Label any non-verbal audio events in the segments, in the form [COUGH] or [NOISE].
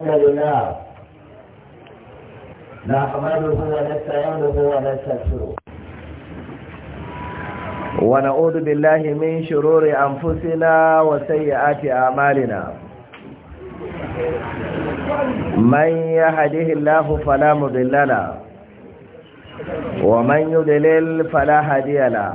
ونعوذ بالله من شرور أنفسنا وسيئات أعمالنا من يهده الله فلا مضل له ومن يضلل فلا هادي له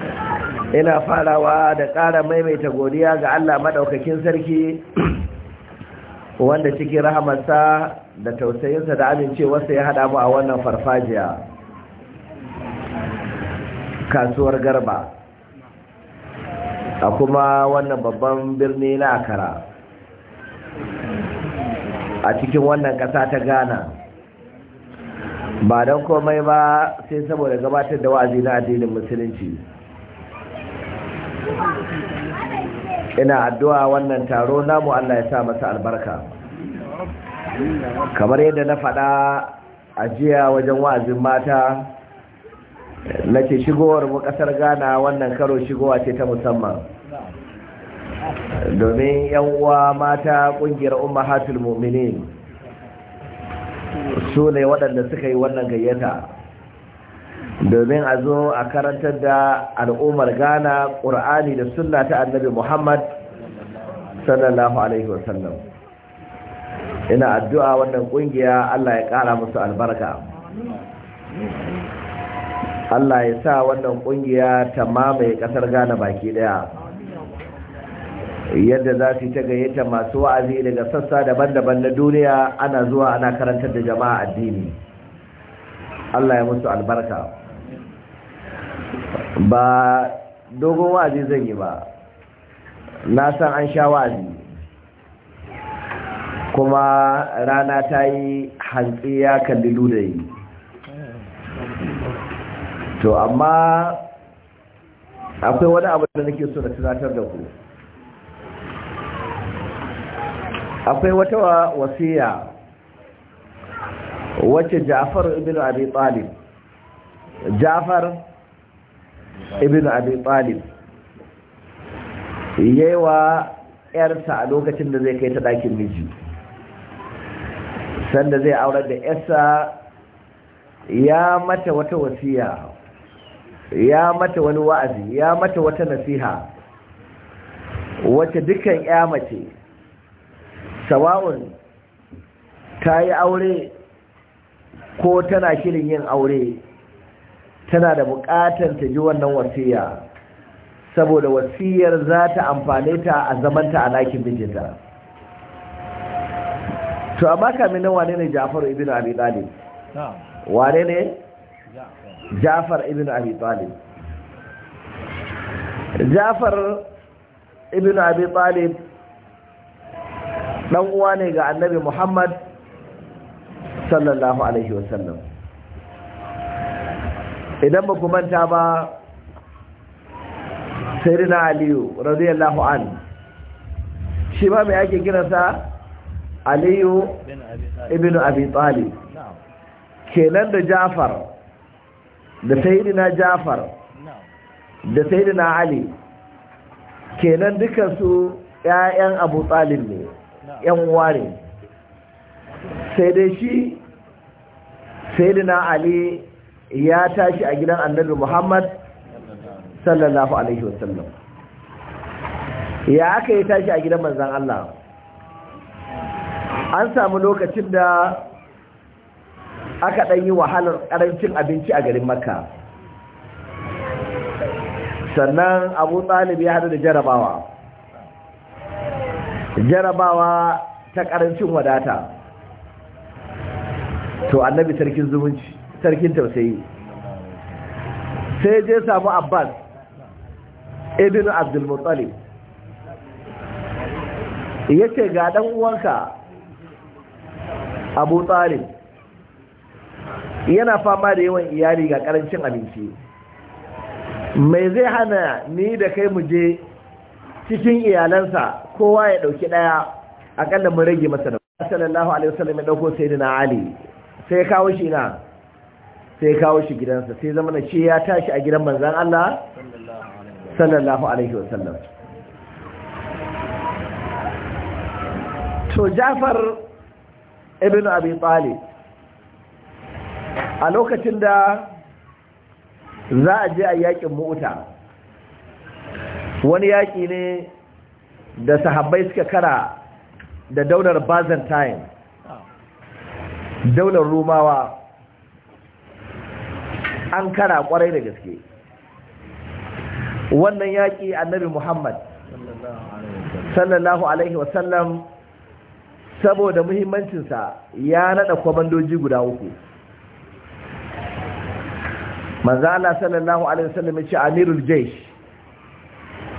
ina farawa da ƙara maimaita godiya ga Allah maɗaukakin sarki wanda cikin rahamarsa da tausayinsa da amincewarsa ya haɗa mu a wannan farfajiya kasuwar garba a kuma wannan babban birni na akara a cikin wannan ƙasa ta ghana ba don komai ba sai saboda gabatar da wa'azi na addinin musulunci ina addu'a wannan taro namu Allah ya sa masa albarka kamar yadda na faɗa a jiya wajen wa'azin mata nake shigowar mu ƙasar ghana wannan karo shigowa ce ta musamman domin yan uwa mata ƙungiyar ummahatul mu'minin su ne waɗanda suka yi wannan gayyata domin a zo a karantar da al'ummar ghana ƙur'ani da sunna ta annabi muhammad sallallahu alaihi wasallam ina addu'a wannan ƙungiya allah ya ƙara musu albarka allah ya sa wannan ƙungiya ta mamaye ƙasar ghana baki ɗaya yadda za su ta gayyata masu wa'azi daga sassa daban-daban na duniya ana zuwa ana karantar da jama'a addini Allah ya musu albarka ba dogon wa'azi zan yi ba na san an sha wa'azi kuma rana ta yi hantsi ya kalli ludayi to amma akwai wani abu da nake so da tunatar da ku akwai wata wasiya wacce jafar ibn abi talib jafar ibn abi talib wa yarsa a lokacin da zai kai ta ɗakin miji sanda zai aurar da yarsa ya mata wata wasiya ya mata wani wa'azi ya mata wata nasiha wacce dukkan ya mace sawa'un ta yi aure ko tana shirin yin aure tana da buƙatar ta ji wannan wasiya saboda wasiyar za ta amfane ta a zamanta a ɗakin mijinta to amma kamin nan wane ne Ja'far ibn Abi Talib wane ne Ja'far ibn Abi Talib Ja'far ibn Abi Talib dan uwa ne ga Annabi Muhammad sallallahu alaihi wasallam idan ba ku manta ba sayyidina aliyu radiyallahu an shi ba mai ake sa aliyu ibn abi talib kenan da jafar da sayyidina jafar da sayyidina ali kenan dukansu ƴaƴan abu talib ne ƴan uwa sai dai shi sayyidina ali ya tashi a gidan annabi Muhammad sallallahu alaihi wasallam ya aka yi tashi a gidan manzan Allah an samu lokacin da aka ɗan yi wahalar ƙarancin abinci a garin makka sannan abu ɗalib ya haɗu da jarabawa jarabawa ta ƙarancin wadata to annabi sarkin zumunci sarkin tausayi sai je samu abbas ibn abdulmutsali ya ce ga ɗan uwanka abu yana fama da yawan iyali ga ƙarancin abinci mai zai hana ni da kai mu je cikin iyalansa kowa ya ɗauki ɗaya akalla mu rage masa da sallallahu alaihi wasallam ya ɗauko sai na ali sai kawo shi na sai kawo shi gidansa sai zama na ce ya tashi a gidan manzan Allah sallallahu alaihi wasallam to Jafar ibn Abi Talib a lokacin da za a je a yakin mu'uta wani yaƙi ne da sahabbai suka kara da daular Byzantine daular Rumawa an kara kwarai da gaske wannan yaƙi annabi muhammad sallallahu alaihi wasallam saboda muhimmancinsa ya nada kwamandoji guda uku manzala sallallahu alaihi wasallam ya ce amirul jaish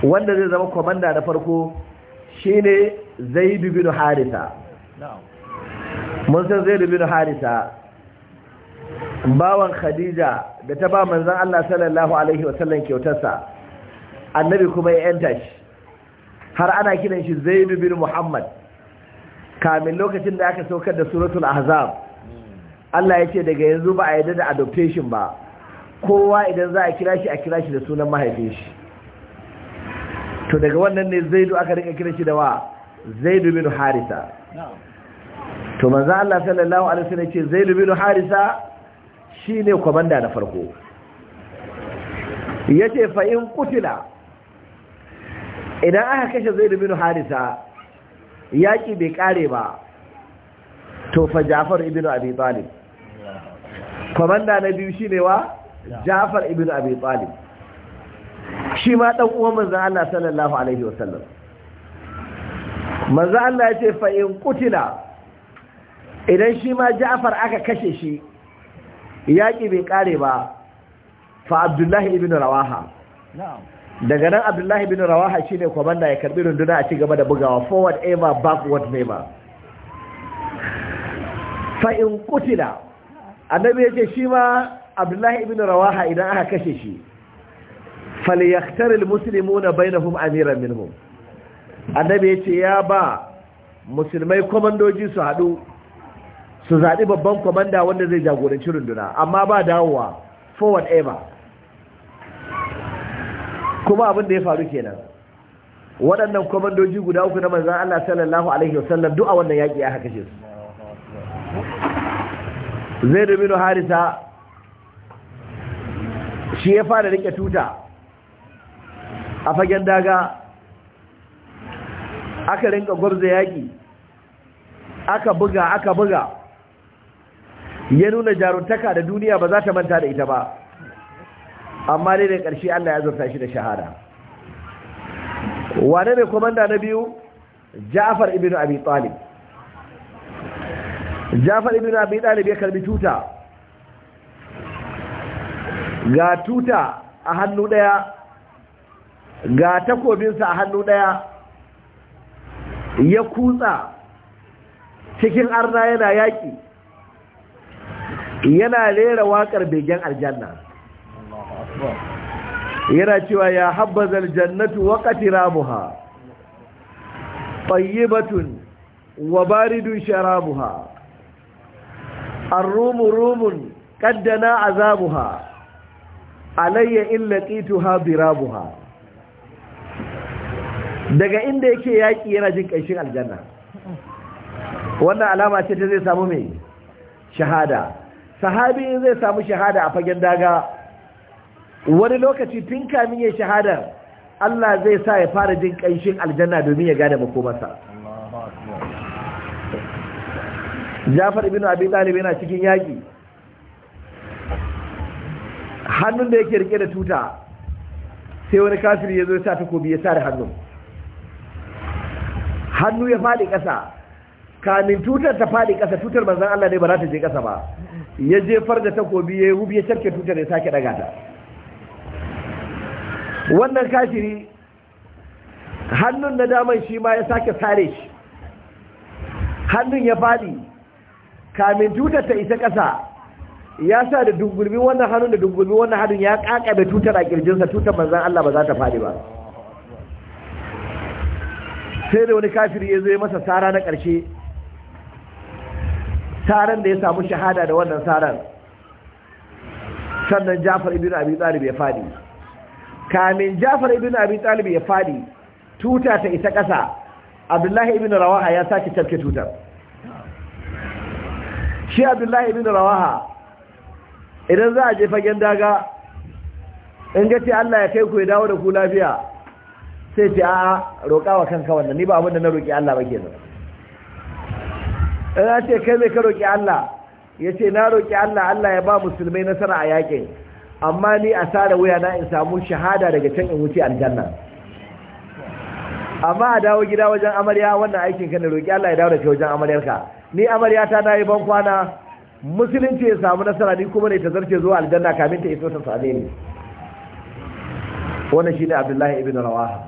wanda zai zama kwamanda na farko shine zaidu bin harisa mun san zaidu bin harisa bawan khadija da ta ba manzan Allah sallallahu alaihi wasallam kyautarsa annabi kuma ya yanta shi har ana kiran shi zaidu bin muhammad kamin lokacin da aka saukar da suratul ahzab Allah ya ce daga yanzu ba a yarda da adoption ba kowa idan za a kira shi a kira shi da sunan mahaifin shi to daga wannan ne zaidu aka rika kira shi da wa zaidu bin harisa to manzan Allah sallallahu alaihi wasallam ce zaidu bin harisa shi ne kwamanda na farko ya ce fa'in kutila idan aka kashe zai minu harisa yaƙi bai ƙare ba to fa jafar ibn abi talib kwamanda na biyu shi ne wa jafar ibn abi talib shi ma ɗan uwan manzan Allah sallallahu Alaihi wasallam manzan Allah ya ce fa'in kutila idan shi ma jafar aka kashe shi yaƙi bai ƙare ba fa abdullahi ibn rawaha daga nan abdullahi ibn rawaha shine kwamanda ya karbi runduna a cigaba da bugawa forward ever backward never fa in kutila annabi ya ce shi ma abdullahi ibn rawaha idan aka kashe shi falyaktaril muslimuna bainahum amiran minhum annabi ya ce ya ba musulmai kwamandoji su haɗu su zaɓi babban kwamanda wanda zai jagoranci runduna amma ba dawowa forward ever kuma abin da ya faru kenan waɗannan kwamandoji guda uku na manzan Allah sallallahu Alaihi wasallam duk wannan yaƙi ya haka su zai domin harisa shi ya fara rike tuta a fagen daga aka rinka gwabza yaƙi aka buga aka buga ya nuna jaruntaka da duniya ba za ta manta da ita ba amma ne da ƙarshe Allah ya zurta shi da shahada wane ne komanda na biyu Ja'far ibn Abi Talib Ja'far ibn Abi Talib ya karbi tuta ga tuta a hannu daya ga takobinsa a hannu ɗaya, ya kutsa cikin arna yana yaƙi. yana lera waƙar begen aljanna yana cewa ya habbazal jannatu wa qatirabuha tayyibatun wa baridun sharabuha arrumu rumu rumun qaddana azabuha alayya in laqituha birabuha daga inda yake yaki yana jin ƙashin aljanna wannan alama ce ta zai samu mai shahada sahabi zai samu shahada a fagen daga wani lokaci tun kamin ya shahada Allah zai sa ya fara jin ƙanshin aljanna domin ya gane makomarsa Jafar ibn Abi Talib yana cikin yaƙi hannun da yake rike da tuta sai wani kafiri ya zo ya sa takobi ya sare hannun hannu ya faɗi ƙasa kamin tutar ta faɗi ƙasa tutar manzan Allah ne ba za ta je ƙasa ba ya jefar da takobi ya yi hubi ya carke tutar ya sake daga ta wannan kashiri hannun na daman shi ma ya sake sare shi hannun ya fadi kamin tutar ta isa ƙasa ya sa da dungulmi wannan hannun da dungulmi wannan hannun ya kakabe tutar a kirjinsa tutar manzan Allah ba za ta fadi ba sai da wani kafiri ya zo ya masa sara na ƙarshe saran da ya samu shahada da wannan saran sannan jafar ibn abi talib ya fadi kamin jafar ibn abi talib ya fadi tuta ta isa ƙasa abdullahi ibn rawaha ya saki tarke tutar shi abdullahi ibn rawaha idan za a je fagen daga in ga ce Allah ya kai ku ya dawo da ku lafiya sai ce a roƙa wa kanka wannan ni ba abin da na roƙi Allah ba kenan ɗana ce kai mai ka roƙi Allah ya ce na roƙi Allah Allah ya ba musulmai nasara a yaƙin amma ni a sare wuya na in samu shahada daga can in wuce aljanna amma a dawo gida wajen amarya wannan aikin ka ne roƙi Allah ya dawo da ke wajen amaryarka ni amarya ta na yi ban kwana musulunci ya samu nasara ni kuma ne ta zarce zuwa aljanna kamin ta iso ta same ni wannan shine Abdullahi ibn Rawaha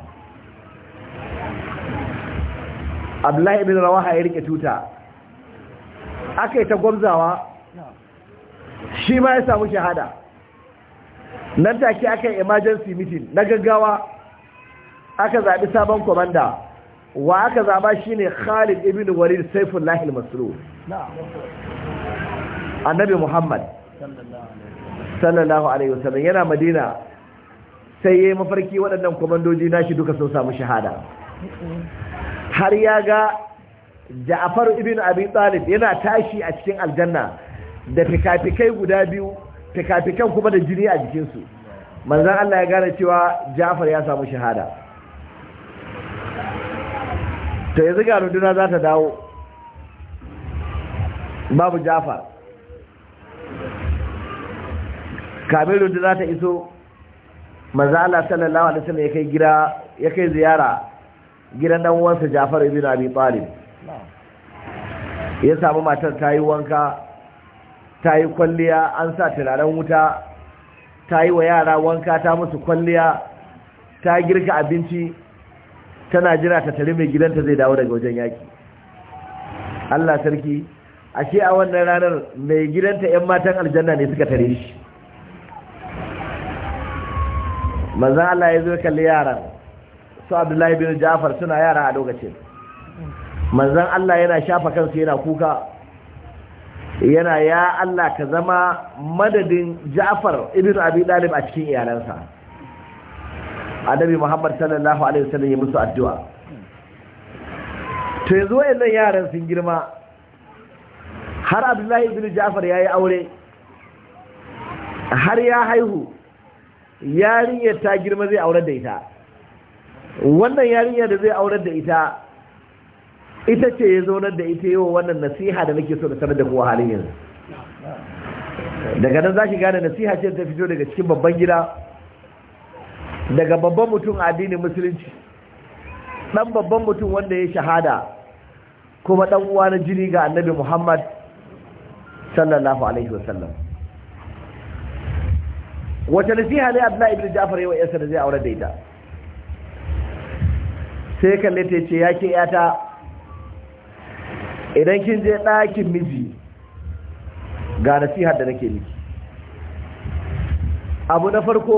Abdullahi ibn Rawaha ya rike tuta aka yi ta gwamzawa shi ma ya samu shahada nan take aka yi emergency meeting na gaggawa aka zaɓi sabon kwamanda wa aka zaɓa shi ne khalid ibn walid saifun lahil masru annabi muhammad sallallahu alaihi wasallam yana madina sai ya yi mafarki waɗannan kwamandoji nashi duka sun samu shahada har ya ga ja'afar ibn abi talib yana tashi a cikin aljanna da fikafikai guda biyu fikafikan kuma da jini a jikinsu manzan Allah ya gane cewa ja'afar ya samu shahada ta yanzu ga runduna za ta dawo babu ja'afar kamin runduna ta iso manzan Allah sallallahu alaihi wasallam ya kai gida ya kai ziyara gidan ɗan uwansa Ja'far ibn Abi Talib ya samu matar ta yi wanka ta yi kwalliya an sa turaren wuta ta yi wa yara wanka ta musu kwalliya ta girka abinci tana jira ta tare mai gidanta zai dawo daga wajen yaki Allah sarki a ce a wannan ranar mai gidanta 'yan matan aljanna ne suka tare shi manzan Allah ya zo kalli yaran su abdullahi bin jafar suna yara a lokacin manzan Allah yana shafa kansu yana kuka yana ya Allah ka zama madadin Ja'far ibn Abi dalib a cikin iyalansa Annabi Muhammad sallallahu alaihi wasallam ya musu addu'a to yanzu wayannan yaran sun girma har Abdullahi ibn Ja'far yayi aure har ya haihu yarinyar ta girma zai aurar da ita wannan yarinyar da zai aurar da ita ita ce ya zaunar da ita yi wa wannan nasiha da nake so da sanar da kowa halin yanzu daga nan za ki gane nasiha ce ta fito daga cikin babban gida daga babban mutum a addinin musulunci dan babban mutum wanda ya shahada kuma dan uwa na jini ga annabi muhammad sallallahu alaihi wasallam wata nasiha ne abdullahi ibn ja'far yawa yasa da zai aure da ita sai kalle ta ce yake yata idan kin je ɗakin miji ga nasihar da nake miki abu na farko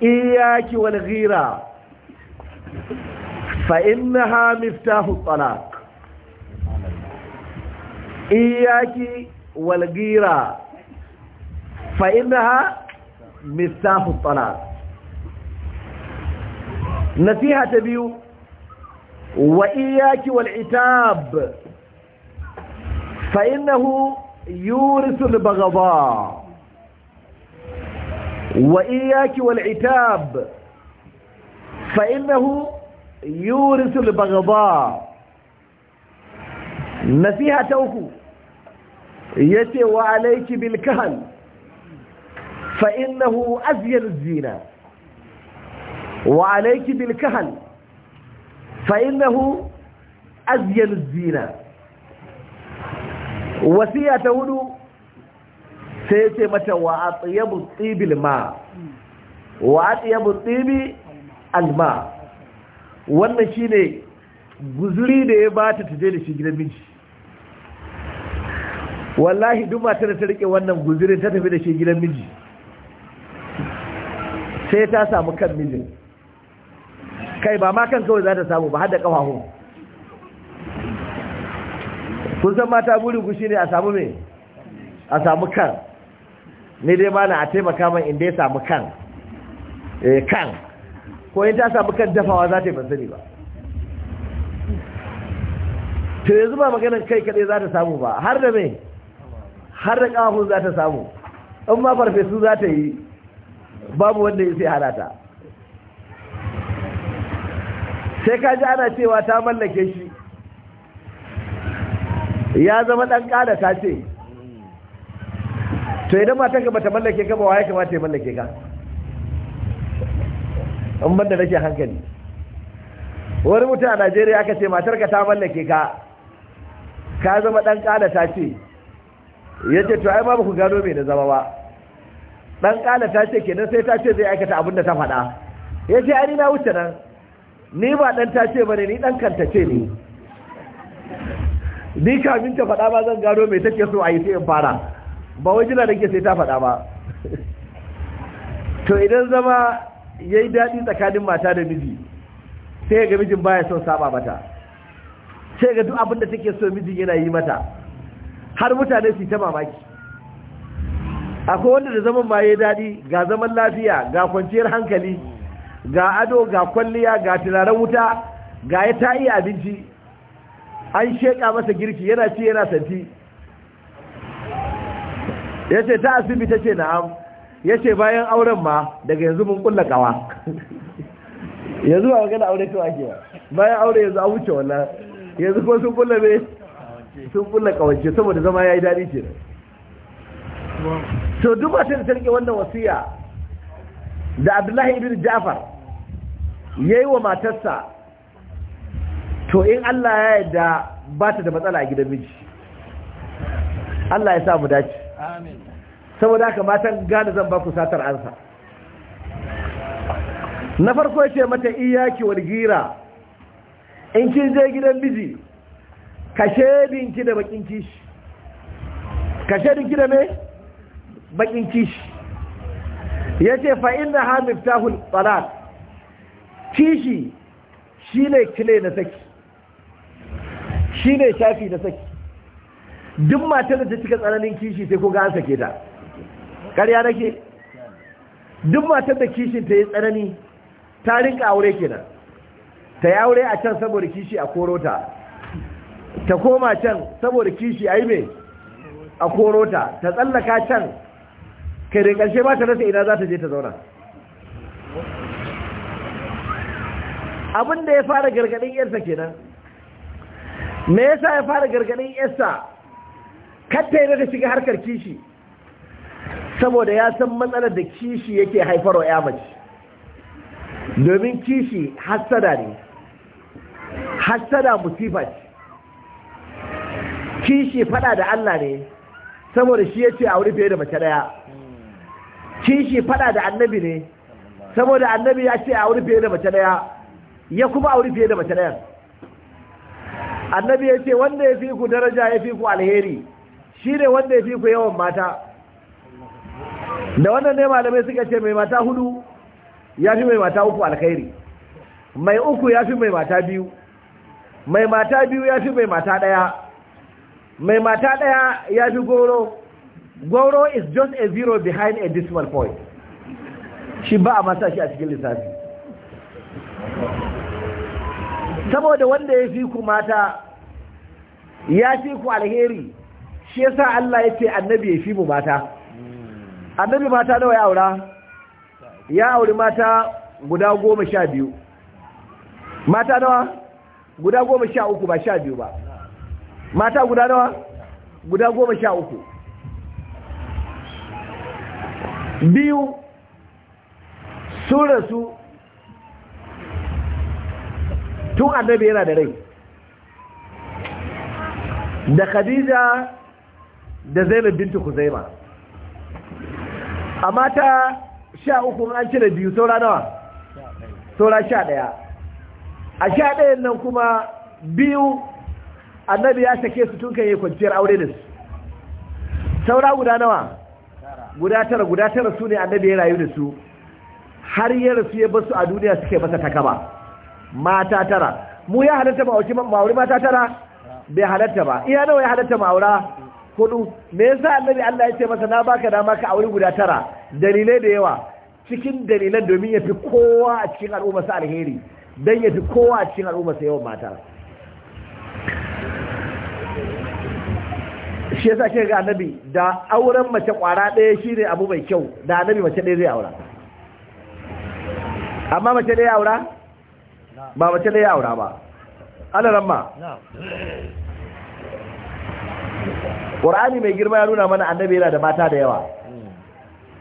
iyaki wal ghira fa innaha miftahu talaq iyaki wal ghira fa innaha miftahu talaq nasiha ta biyu وإياك والعتاب فإنه يورث البغضاء وإياك والعتاب فإنه يورث البغضاء نسيها توكو يتي وعليك بالكهل فإنه أزين الزينة وعليك بالكهل فإنه أزين الزينة وسيئة هدو سيتي متى وأطيب الطيب الماء وأطيب الطيب الماء wannan guzuri da ya bata taje da shi gidan miji wallahi duk matar ta rike wannan guzurin ta tafi da shi gidan miji sai ta samu kan mijin kai ba ma kan kawai za ta samu ba hada da kun san mata burin ku shine a samu me a samu kan ne dai ba na a taimaka man inda ya samu kan eh kan ko in ta samu kan dafawa za ta yi ban sani ba to yanzu ba maganar kai kaɗai za ta samu ba har da mai har da ƙafafun za ta samu in ma farfesu za ta yi babu wanda ya sai halata sai ka ji ana cewa ta mallake shi ya zama ɗan ƙada ta ce to idan matan ka bata mallake ka ba ya kamata ya mallake ka in banda nake hankali wani mutum a najeriya aka ce matar ka ta mallake ka ka zama ɗan ƙada ta ce ya ce to ai ma ku gano mai na zama ba ɗan ƙada ta ce kenan sai ta ce zai aikata abinda da ta faɗa ya ce ari na wuce nan ni ba dan tace bane ni dan kantace ne ni kamin ta faɗa ba zan gano mai take so a yi sai fara ba wai jira nake sai ta faɗa ba to idan zama yayi daɗi tsakanin mata da miji sai ga mijin baya son saba mata sai ga duk abin da take so miji yana yi mata har mutane su ta mamaki akwai wanda da zaman ma yayi daɗi ga zaman lafiya ga kwanciyar hankali ga ado ga kwalliya ga turaren wuta ga ya ta iya abinci an sheƙa masa girki yana ci yana santi ya ce ta asibi ta ce na'am ya ce bayan auren ma daga yanzu mun kulla kawa [LAUGHS] yanzu ba magana aure kawa ke bayan aure yanzu an wuce wannan yanzu kuma sun kulla me sun kulla kawance saboda zama ya yi daɗi ce to duk ba da sarki wannan wasiya da abdullahi ibn jafar ya yi wa matarsa to in Allah ya yarda ba ta da matsala a gidan miji Allah ya sa mu dace saboda haka matan gane zan ba ku satar ansa na farko ya ce mata iyaki wani gira in kin je gidan miji kashe dinki da bakin kishi kashe da me bakin kishi yace fa inna ha miftahul kishi shi ne kile na saki shi ne shafi na saki duk matar da ta cika tsananin kishi sai ko ga an sake ta ƙarya nake duk matar da kishin ta yi tsanani ta rinka aure kenan ta yi aure a can saboda kishi a korota ta koma can saboda kishi a yi mai a korota ta tsallaka can kai da ƙarshe ba ta rasa ina za ta je ta zauna abin da ya fara gargadin yarsa kenan me yasa ya fara gargadin yarsa katta yana shiga harkar kishi saboda ya san matsalar da kishi yake haifarwa ya mace domin kishi hassada ne hassada musifa ce kishi fada da Allah ne saboda shi ya ce a wuri fiye da mace daya kishi fada da annabi ne saboda annabi ya ce a wuri fiye da mace daya ya kuma auri fiye da mace ɗayan annabi ya ce wanda ya fi ku daraja ya fi ku alheri shi ne wanda ya fi ku yawan mata da wannan ne malamai suka ce mai mata hudu ya fi mai mata uku alkhairi mai uku ya fi mai mata biyu mai mata biyu ya fi mai mata ɗaya mai mata ɗaya ya fi goro goro is just a zero behind a decimal point shi ba a masa shi a cikin lissafi saboda wanda ya fi ku mata ya fi ku alheri shi yasa Allah ya ce annabi ya fi mu mata annabi mata nawa ya aura ya auri mata guda goma sha biyu mata nawa guda goma sha uku ba sha biyu ba mata guda nawa guda goma sha uku biyu sun rasu tun annabi yana da rai da khadija da zainab bintu kuzaima amma ta sha uku an cire biyu saura nawa saura sha ɗaya a sha dayan nan kuma biyu annabi ya sake su tun kan yi kwanciyar aure da su saura guda nawa guda tara guda tara su ne annabi ya rayu da su har yi rasu ya basu a duniya suke masa takaba mata tara mu ya halatta ma'auri mata tara bai halatta ba iya nawa ya halatta aura? hudu me yasa annabi Allah ya ce masa na baka dama ka aure guda tara dalilai da yawa cikin dalilan domin ya fi kowa a cikin al'umma sa alheri dan ya fi kowa a cikin al'umma sa yawan mata shi yasa ke ga annabi da auren mace kwara ɗaya shine abu mai kyau da annabi mace ɗaya zai aura amma mace ɗaya aura ba mace da ya ba ala ramma ƙorani mai girma ya nuna mana annabi yana da mata da yawa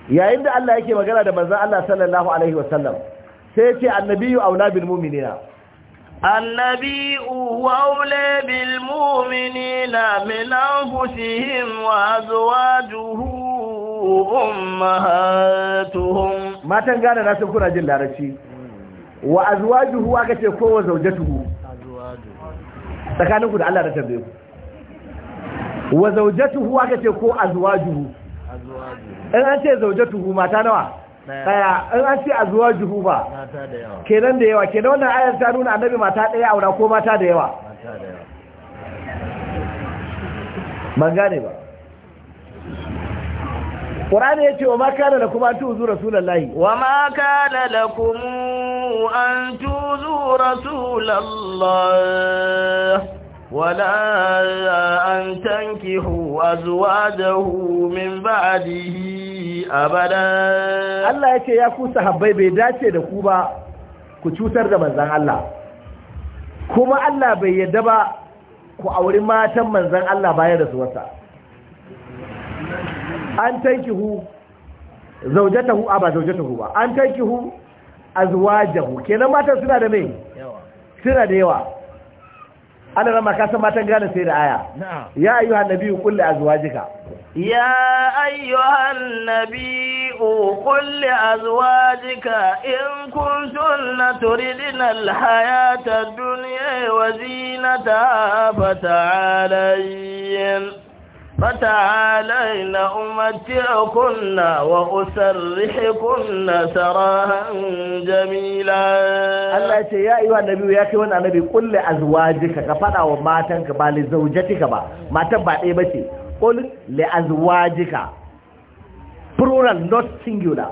yayin da Allah yake magana da manzan Allah sallallahu Alaihi wasallam sai ce annabiyu aula bil muminina النبي هو أولى بالمؤمنين من أنفسهم وأزواجه Matan ما na sun kuna jin رشيد wa azwajuhu aka ce ko wa zawjatuhu tsakaninku da Allah da tambaye ku wa zawjatuhu aka ce ko azwajuhu in an ce zawjatuhu mata nawa daya in an ce azwajuhu ba kenan da yawa kenan wannan ayar ta nuna annabi mata daya aura ko mata da yawa ban gane ba Qur'ani yace wa ma kana lakum an tu'zu rasulullahi wa ma kana lakum أن تؤذوا رسول الله ولا أن تنكحوا أزواده من بعده أبدا الله يكي يكو صحبي بيداتي دكوبا كتوتر دمزان الله كما الله بيدبا ku auri matan manzan Allah bayan da su wata an tankihu zaujatahu aba zaujatahu ba an tankihu azwajahu kenan matan suna da mai suna da yawa ana rama kasan matan gane sai da aya ya ayyuha nabiyyu qul li azwajika ya ayyuha nabiyyu qul li azwajika in kuntunna turidina al-hayata ad-dunya wa zinataha fata'alayyin فتعالينا أمتعكنا وأسرحكنا سراها جميلا الله يقول يا أيها النبي يا كيوان النبي قل لأزواجك كفانا وماتنك بالزوجتك با ما تبع إيه بشي قل لأزواجك plural not singular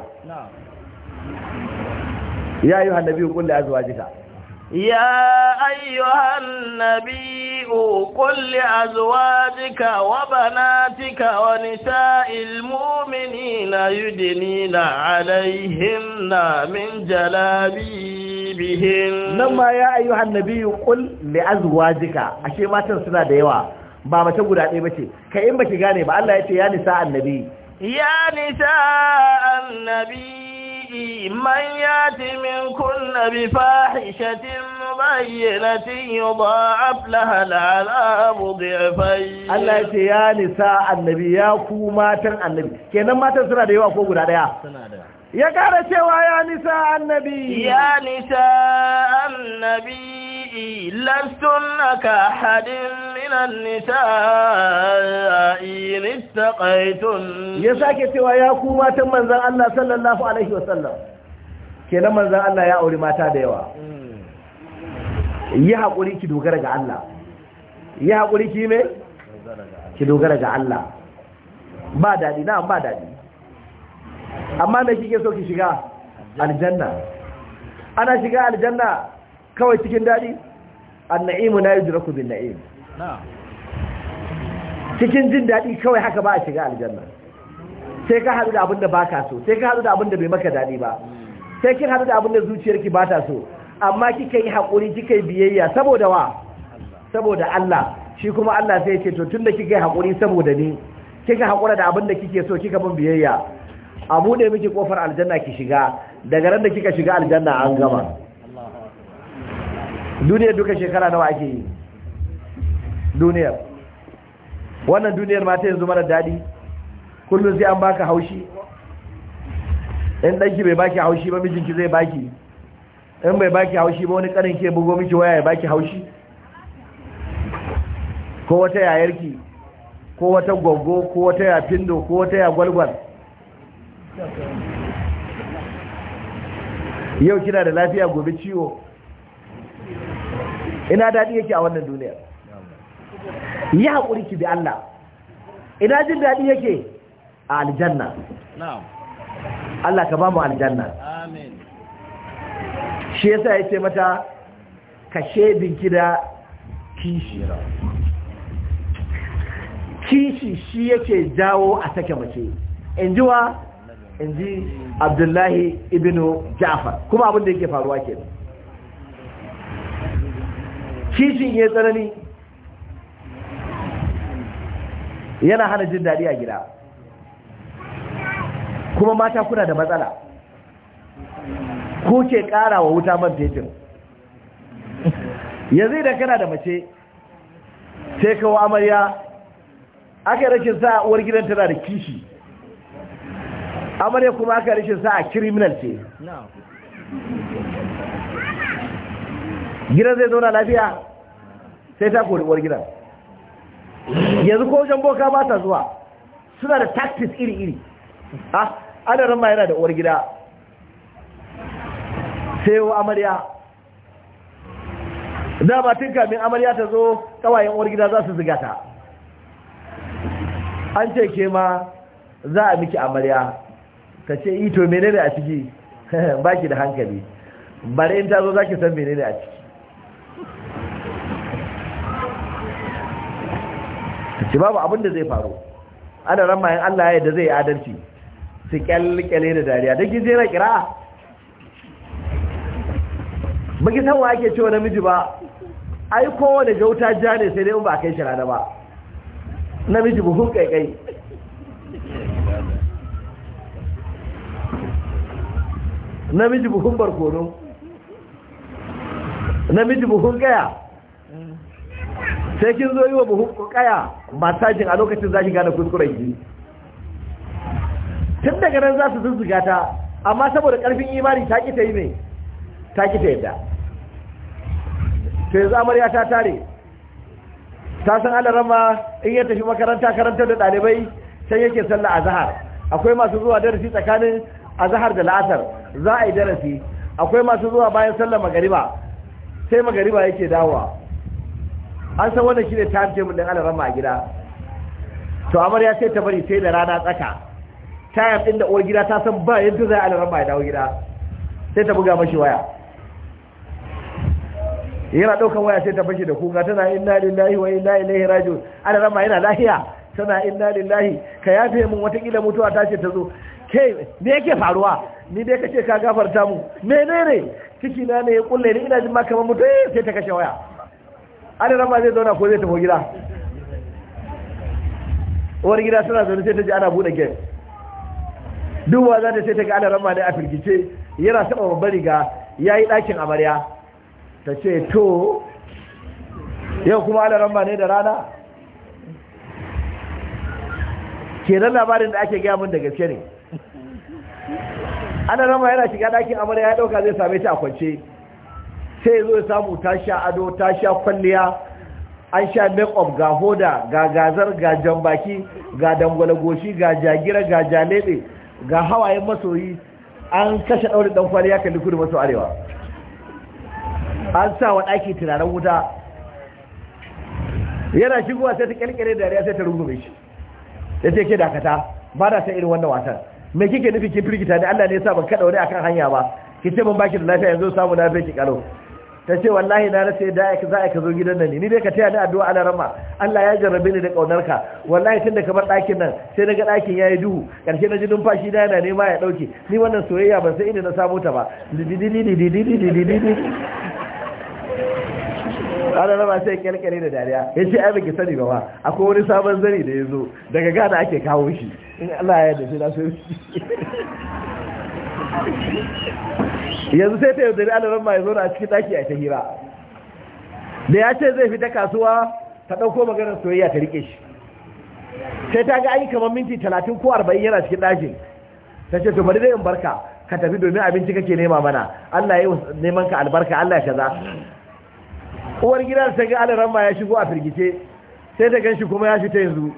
يا أيها النبي قل لأزواجك يا أيها النبي قل لأزواجك وبناتك ونساء المؤمنين يدنين عليهن من جلابيبهن نما يا أيها النبي قل لأزواجك أشياء ما تنسنا ديوا ba mace guda ɗaya bace kai in baki gane ba Allah ya ce ya nisa annabi ya nisa annabi من يات منكن بفاحشة مبينة يضاعف لها العذاب ضعفين الله يتي يا نساء النبي يا كوماتن النبي كينا ماتن سنة ديوا فوق دادا سنة ديوا ya kara cewa ya nisa annabi ya nisa annabi لستن كأحد من النساء إن اتقيتن يساك سوى يا كوما تمن ذا الله صلى الله عليه وسلم كنا من ذا الله يا أولي ما تاديوا yi haƙuri ki dogara ga Allah yi haƙuri ki ki dogara ga Allah ba daɗi na ba daɗi amma me kike so ki shiga aljanna ana shiga aljanna kawai cikin daɗi anna'imu na yujraku bin na'im cikin jin daɗi kawai haka ba a shiga aljanna sai ka haɗu da abin da baka so sai ka haɗu da abin da bai maka daɗi ba sai kin haɗu da abin da zuciyarki ba ta so amma kika yi haƙuri kika yi biyayya saboda wa saboda Allah shi kuma Allah sai ya ce to tunda kika yi haƙuri saboda ni kika haƙura da abin da kike so kika bin biyayya a buɗe miki kofar aljanna ki shiga daga ran da kika shiga aljanna an gama duniyar duka shekara nawa ake yi duniyar wannan duniyar ma ta yanzu mara daɗi kullum sai an baka haushi in ɗanki bai baki haushi ba mijinki zai baki in bai baki haushi ba wani karin ke bugo miki waya ya baki haushi ko wata yayarki ko wata gwaggo ko wata yafindo ko wata yagwalgwal yau kina da lafiya gobe ciwo ina daɗi yake a wannan duniyar yi haƙuri ki bi Allah ina jin daɗi yake a aljanna Allah ka ba mu aljanna shi yasa ya ce mata kashe binki da kishi kishi shi yake jawo a sake mace in ji wa in ji abdullahi ibn ja'far kuma abin yake faruwa ke nan. kishin ya tsanani yana hana jin daɗi a gida kuma mata kuna da matsala ko ke ƙara wa wuta man fetur yanzu idan kana da mace sai kawo amarya aka rashin sa uwar gidan tana da kishi amarya kuma aka rashin sa a criminal ce gidan zai zauna lafiya sai ta kori uwar gidan yanzu ko wajen boka ba ta zuwa suna da taktis iri-iri a adarin ma yana da uwar gida sai yau amarya dama tun kamin amarya ta zo kawayen uwar gida za su ziga ta an ce ke ma za a miki amarya ka ce ito menene a ciki [LAUGHS] baki da hankali bare in ta zo za ki san menene a ciki shi babu abin da zai faru ana ran mayan Allah ya yadda zai adalci su kyalkyale da dariya don gizo yana kira ba ki san wa ake cewa namiji ba ai kowane gauta ja ne sai dai in ba kai shi rana ba namiji buhun kaikai namiji buhun barkono namiji buhun gaya sai kin zo yi wa buhu kaya masajin a lokacin za ki gane kuskuren ki tun daga nan za su zuzzuga ta amma saboda karfin imani ta ki ta yi ne ta ki ta yadda to yanzu amarya ta tare ta san ma in ya tafi makaranta karantar da ɗalibai sai yake sallah a zahar akwai masu zuwa darasi tsakanin a zahar da la'asar za a yi darasi akwai masu zuwa bayan sallar magariba sai magariba yake dawowa an san wannan shi ne ta time table din alaran ma gida to amarya sai ta bari sai da rana tsaka Ta yi din da uwar gida ta san ba yadda zai alaran ma ya dawo gida sai ta buga mashi waya yana daukan waya sai ta fashe da kuka tana inna lillahi wa inna ilaihi raji'un ma yana lahiya tana inna lillahi ka yafe mun watakila mutuwa ta ce ta zo ke me yake faruwa ni dai kace ka gafarta mu menene ciki na ne ya kulle ni ina jin ma kamar mutu eh, sai ta kashe waya ana rama zai zauna ko zai tafi gida uwar gida suna zaune sai ta ji ana buɗe gate duwa za ta sai ta ga ana rama ne a firgice yana saba babban riga ya yi ɗakin amarya ta ce to yau kuma ana rama ne da rana kenan labarin da ake gaya mun da gaske ne ana rama yana shiga ɗakin amarya ya ɗauka zai same ta a kwance sai zo samu ta sha ado ta sha kwalliya an sha make-up ga hoda ga gazar ga jambaki ga dangwale goshi ga jagira ga jalebe ga hawayen masoyi an kashe ɗaure ɗan kwari ya kalli kudu maso arewa an sa wa ɗaki turaren wuta yana shigowa sai ta kyalkyale dariya sai ta rungume shi ya ce ke dakata ba na sai irin wannan wasan me kike nufi ki firgita ne Allah ne ya sa ban kada wani akan hanya ba ki ce ban baki da lafiya yanzu samu na ki kalo ta ce wallahi na rasa yadda za a ka zo gidan nan ni dai ka taya ni addu'a ala rama Allah ya jarrabe ni da ƙaunarka wallahi tun da ka ɗakin nan sai na ga ɗakin ya yi duhu ƙarshe na ji numfashi na yana nema ya ɗauke ni wannan soyayya ban san ina na samo ta ba ana rama sai kyalkyale da dariya ya ce ai baki sani ba ba akwai wani sabon zani da ya zo daga gana ake kawo shi in Allah ya yarda sai na so yanzu sai ta yaudari alaran ya zauna a cikin daki a ta hira da ya ce zai fita kasuwa ta ɗauko maganar soyayya ta riƙe shi sai ta ga ayi kamar minti talatin ko arba'in yana cikin ɗakin ta ce to bari yin in barka ka tafi domin abinci kake nema mana Allah ya neman ka albarka Allah ya kaza uwar gidan ta ga alaran ya shigo a firgice sai ta gan shi kuma ya fita yanzu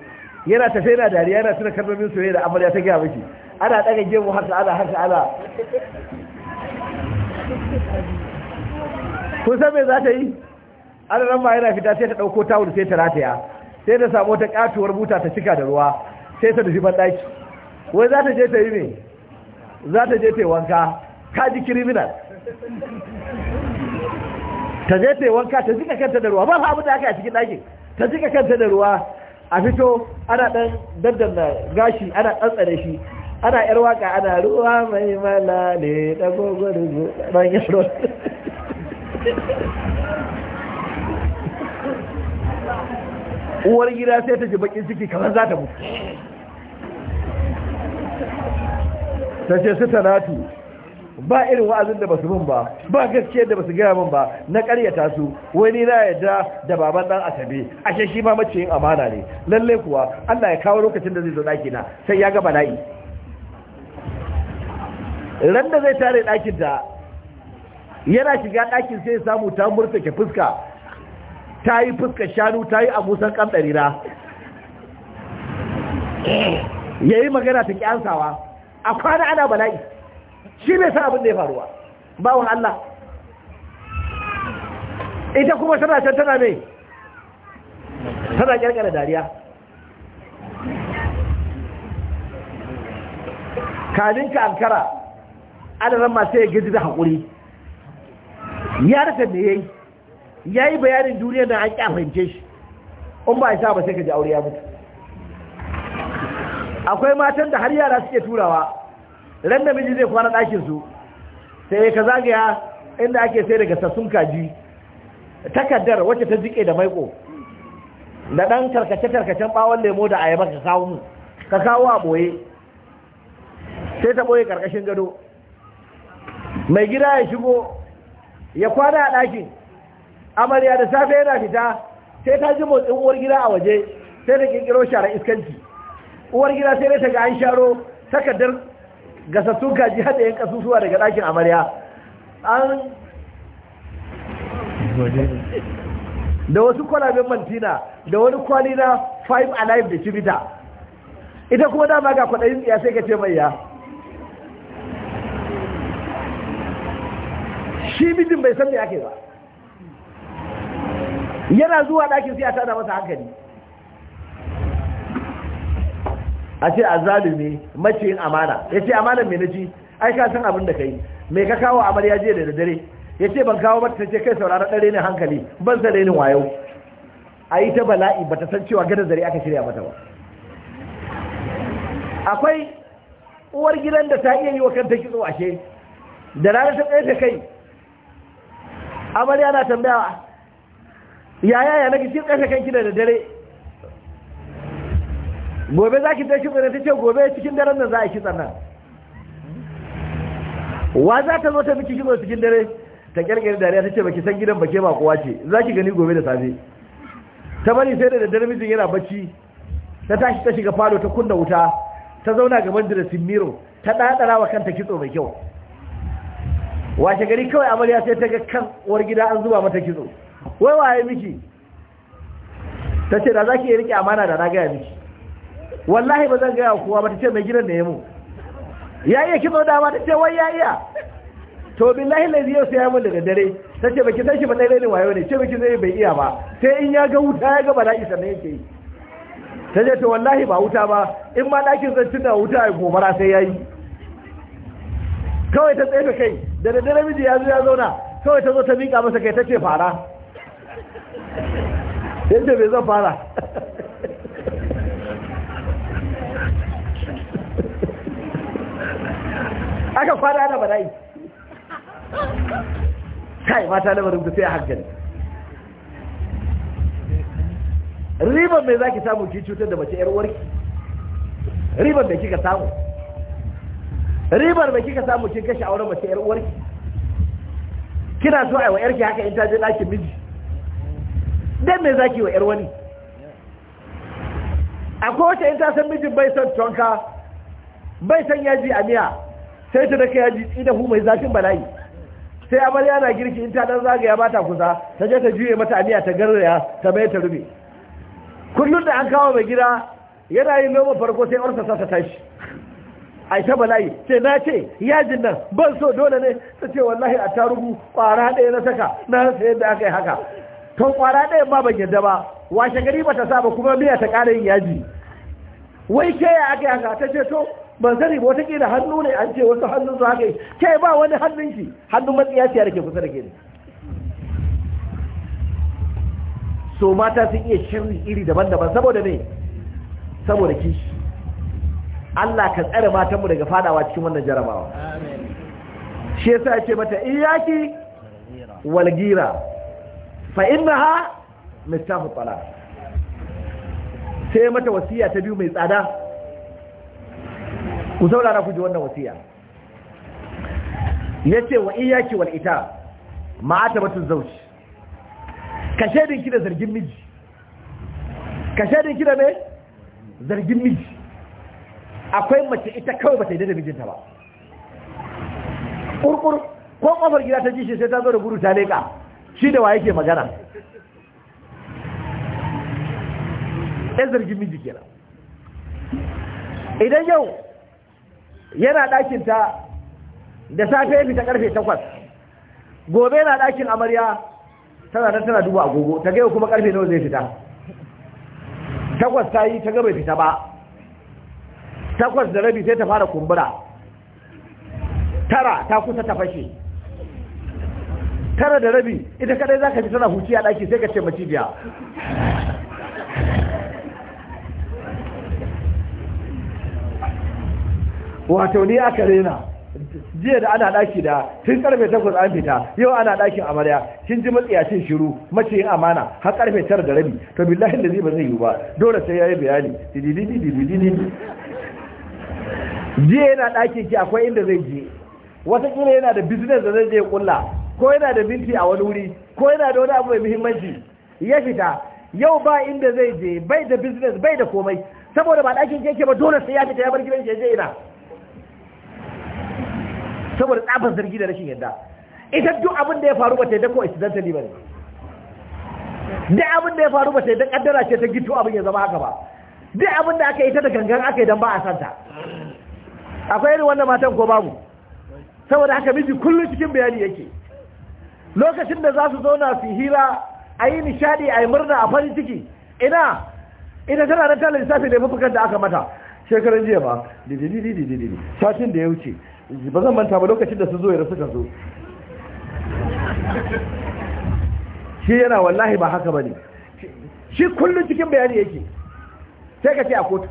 yana tafe yana dariya yana tuna kalmomin soyayya da amarya ta gaya miki ana ɗaga gemu har sa'ala har sa'ala kun san me za ta yi ana nan ma yana fita sai ta ɗauko tawul sai ta rataya sai ta samu ta ƙatuwar buta ta cika da ruwa sai ta nufi banɗaki wai za ta je ta yi ne za ta je ta yi wanka ka ji criminal ta je ta yi wanka ta jika kanta da ruwa ba fa abin da aka yi a cikin ɗakin ta jika kanta da ruwa a fito ana ɗan dandan gashi ana ɗan tsare shi ana yar waka ana ruwa mai ne da gogoro ran yaro uwar gida sai ta ji bakin ciki kamar za ta mutu ta ce su tanatu ba irin wa'azin da basu min ba ba gaskiyar da basu gaya min ba na karyata su wani na yadda da baban dan asabe ashe shi ma yin amana ne Lallai kuwa Allah ya kawo lokacin da zai zo daki na sai ya gaba bala'i ran da zai tare ɗakin ta yana shiga ɗakin sai samu ta ke fuska ta yi fuska shanu ta yi abusan ƙanɗarina ya yi magana ta ƙyansawa a kwana ana bala'i shi ne sa abin da ya faruwa bawon Allah ita kuma tana can tana mai tana ƙyarƙar dariya kanin ka ankara adaran masu ya gaji da haƙuri ya rasa da ya yi ya yi bayanin duniya da an fahimce shi in ba sa ba sai ka ji aure ya mutu akwai matan da har yara suke turawa ran miji zai kwana ɗakinsu sai ka zagaya inda ake sai daga sassun kaji takardar wacce ta jike da maiko da ɗan karkace-karkacen ɓawon lemo da ayaba ka kawo mu ka kawo a ɓoye sai ta ɓoye ƙarƙashin gado mai gida ya shigo ya kwana a ɗakin amarya da safe yana fita sai ta ji motsin uwar gida a waje sai da kirkiro shara iskanci uwar gida sai ta ga an sharo takardar gasassun kaji hada yan kasusuwa daga ɗakin amarya an da wasu kwalaben mantina da wani kwali na five alive da cibita ita kuma dama ga kwaɗayin tsiya sai ka ce mai ya shi mijin bai san me ake ba yana zuwa ɗakin sai a tada masa hankali a ce a zalumi maciyin amana ya ce amanan mai naci ai ka san abin da ka yi mai ka kawo amarya je da dare ya ce ban kawo mata ta ce kai saurara ɗare ne hankali ban sa rainin wayo a yi ta bala'i ba ta san cewa gada zare aka shirya mata ba akwai uwar gidan da ta iya yi wa kanta kitso ashe da rana ta tsaye ta kai amarya na tambaya yaya ya nake cikin kashe kanki da dare gobe za ki ta shi ne ta ce gobe cikin daren nan za a kitsa nan wa za ta zo ta miki kitsa cikin dare ta kyarkyar dariya ta ce baki san gidan bake ba kowa ce za ki gani gobe da safe ta bari sai da daddare mijin yana bacci ta tashi ta shiga falo ta kunna wuta ta zauna gaban da miro ta ɗaɗara wa kanta kitso mai kyau washe gari kawai amarya sai ta ga kan uwar gida an zuba mata kitso wai waye miki ta ce da za ki iya rike amana da na gaya miki wallahi ba zan gaya kowa ba ta ce mai gidan da ya mu ya iya da dama ta ce wai ya iya to billahi lazi yau sai ya mun daga dare ta ce baki san shi ba ɗaya ne wayo ne ce baki zai bai iya ba sai in ya ga wuta ya ga bala'i sannan yake yi ta ce to wallahi ba wuta ba in ma ɗakin zan tuna wuta ya gobara sai ya yi kawai ta tsaye kai da da dare miji ya zo ya zauna kawai ta zo ta miƙa masa kai ta ce fara yadda bai zan fara aka fara da barai kai mata da barin sai a hankali riban mai za ki samu ki cutar da mace 'yar warki? riban da kika samu ribar mai kika samu kin kashe auren mace yar uwarki kina so ai wa yarki haka in ta je ɗakin miji dan me zaki wa yar wani akwai wata in ta san mijin bai son tonka bai san yaji a miya sai ta daka yaji tsida hu mai zafin bala'i sai amarya na girki in ta dan zagaya ba kusa ta je ta juye mata a miya ta garraya ta bai ta rube kullum da an kawo mai gida yana yin noma farko sai orsa sa ta tashi Aisha bala'i ce na ce yajin nan ban so dole ne ta ce wallahi a tarugu kwara ɗaya na saka na rasa yadda aka yi haka to kwara ɗaya ba ban yadda ba washe gari ba ta saba kuma miya ta ƙara yin yaji wai ke ya aka yi haka ta ce to ban sani ba watakila hannu ne an ce wasu hannun su haka yi ke ba wani hannun shi hannun matsiyaciya da ke kusa da ke so mata sun iya shirin iri daban-daban saboda ne saboda kishi Allah ka tsare matanmu daga fadawa cikin wannan jarabawa shi yasa ya ce mata iyaki wal gira fa innaha mistahu talaq sai mata wasiya ta biyu mai tsada ku saurara ku ji wannan wasiya yace wa iyaki wal ita ma'atabatu zawj ka shedin ki da zargin miji ka shedin ki da me zargin miji akwai mace ita kawai ba ta yi da mijinta ba Ƙurƙur ko ƙofar gida ta ji shi sai ta zo da gudu ta leƙa shi da wa yake magana ɗan zargin miji kenan idan yau yana ɗakinta da safe fita ƙarfe takwas gobe yana ɗakin amarya tana nan tana duba agogo ta gaiwa kuma ƙarfe nawa zai fita takwas ta yi ta gaba fita ba takwas da rabi sai ta fara kumbura tara ta kusa ta fashe tara da rabi ita kadai za ka ji tana huci a ɗaki sai ka ce macibiya wato ni aka rena jiya da ana ɗaki da tun karfe takwas an fita yau ana ɗakin amarya kin ji matsiyacin shiru mace yin amana har karfe tara da rabi to billahi da zai ba zai yi ba dole sai ya yi bayani jiya yana ɗakin ki akwai inda zai je watakila yana da business da zai je kulla ko yana da binti a wani wuri ko yana da wani abu mai muhimmanci ya fita yau ba inda zai je bai da business bai da komai saboda ba ɗakin ki yake ba dole sai ya fita ya bar gidan shi ya je ina saboda tsafin zargi da rashin yadda ita duk abin da ya faru ba ta yadda ko accidentally ba ne duk abin da ya faru ba ta yadda kaddara ce ta gito abin ya zama haka ba duk abin da aka yi ta da gangan aka yi don ba a santa akwai irin wanda matan ko babu saboda haka miji kullum cikin bayani yake lokacin da za su zauna su hira a yi nishadi a yi murna a farin ciki ina ina tana nan talin lissafi da mafukan da aka mata shekaran jiya ba dididididididi satin da ya wuce ba zan manta ba lokacin da su zo yara suka zo shi yana wallahi ba haka ba ne shi kullum cikin bayani yake sai ka ce a kotu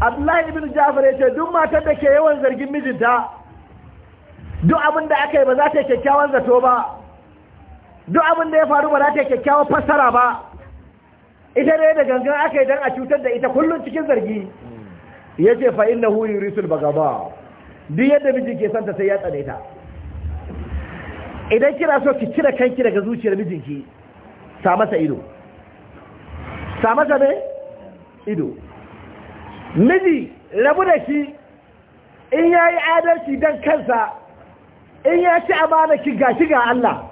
abdullahi ibn jafar ya ce duk matar da ke yawan zargin mijinta duk abin da aka yi ba za ta yi kyakkyawan zato ba duk abin da ya faru ba za ta yi kyakkyawan fassara ba ita ne da gangan aka yi don a cutar da ita kullun cikin zargi ya ce innahu na bagaba duk yadda miji ke santa sai ya tsare ta idan kira so ki kira kanki daga zuciyar mijinki sa masa ido sa masa ne ido miji rabu da shi in ya yi adalci don kansa in ya ci amana ki gashi ga Allah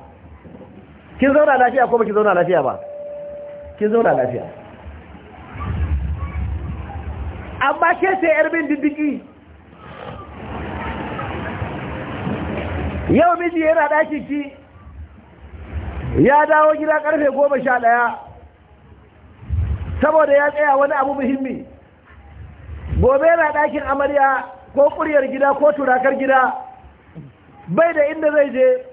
kin zauna lafiya ko ba ki zauna lafiya ba kin zauna lafiya amma ke sai yar bin diddiki yau miji yana ɗaki ki ya dawo gida karfe goma sha ɗaya saboda ya tsaya wani abu muhimmi gobe na ɗakin amarya ko ƙuryar gida ko turakar gida bai da inda zai je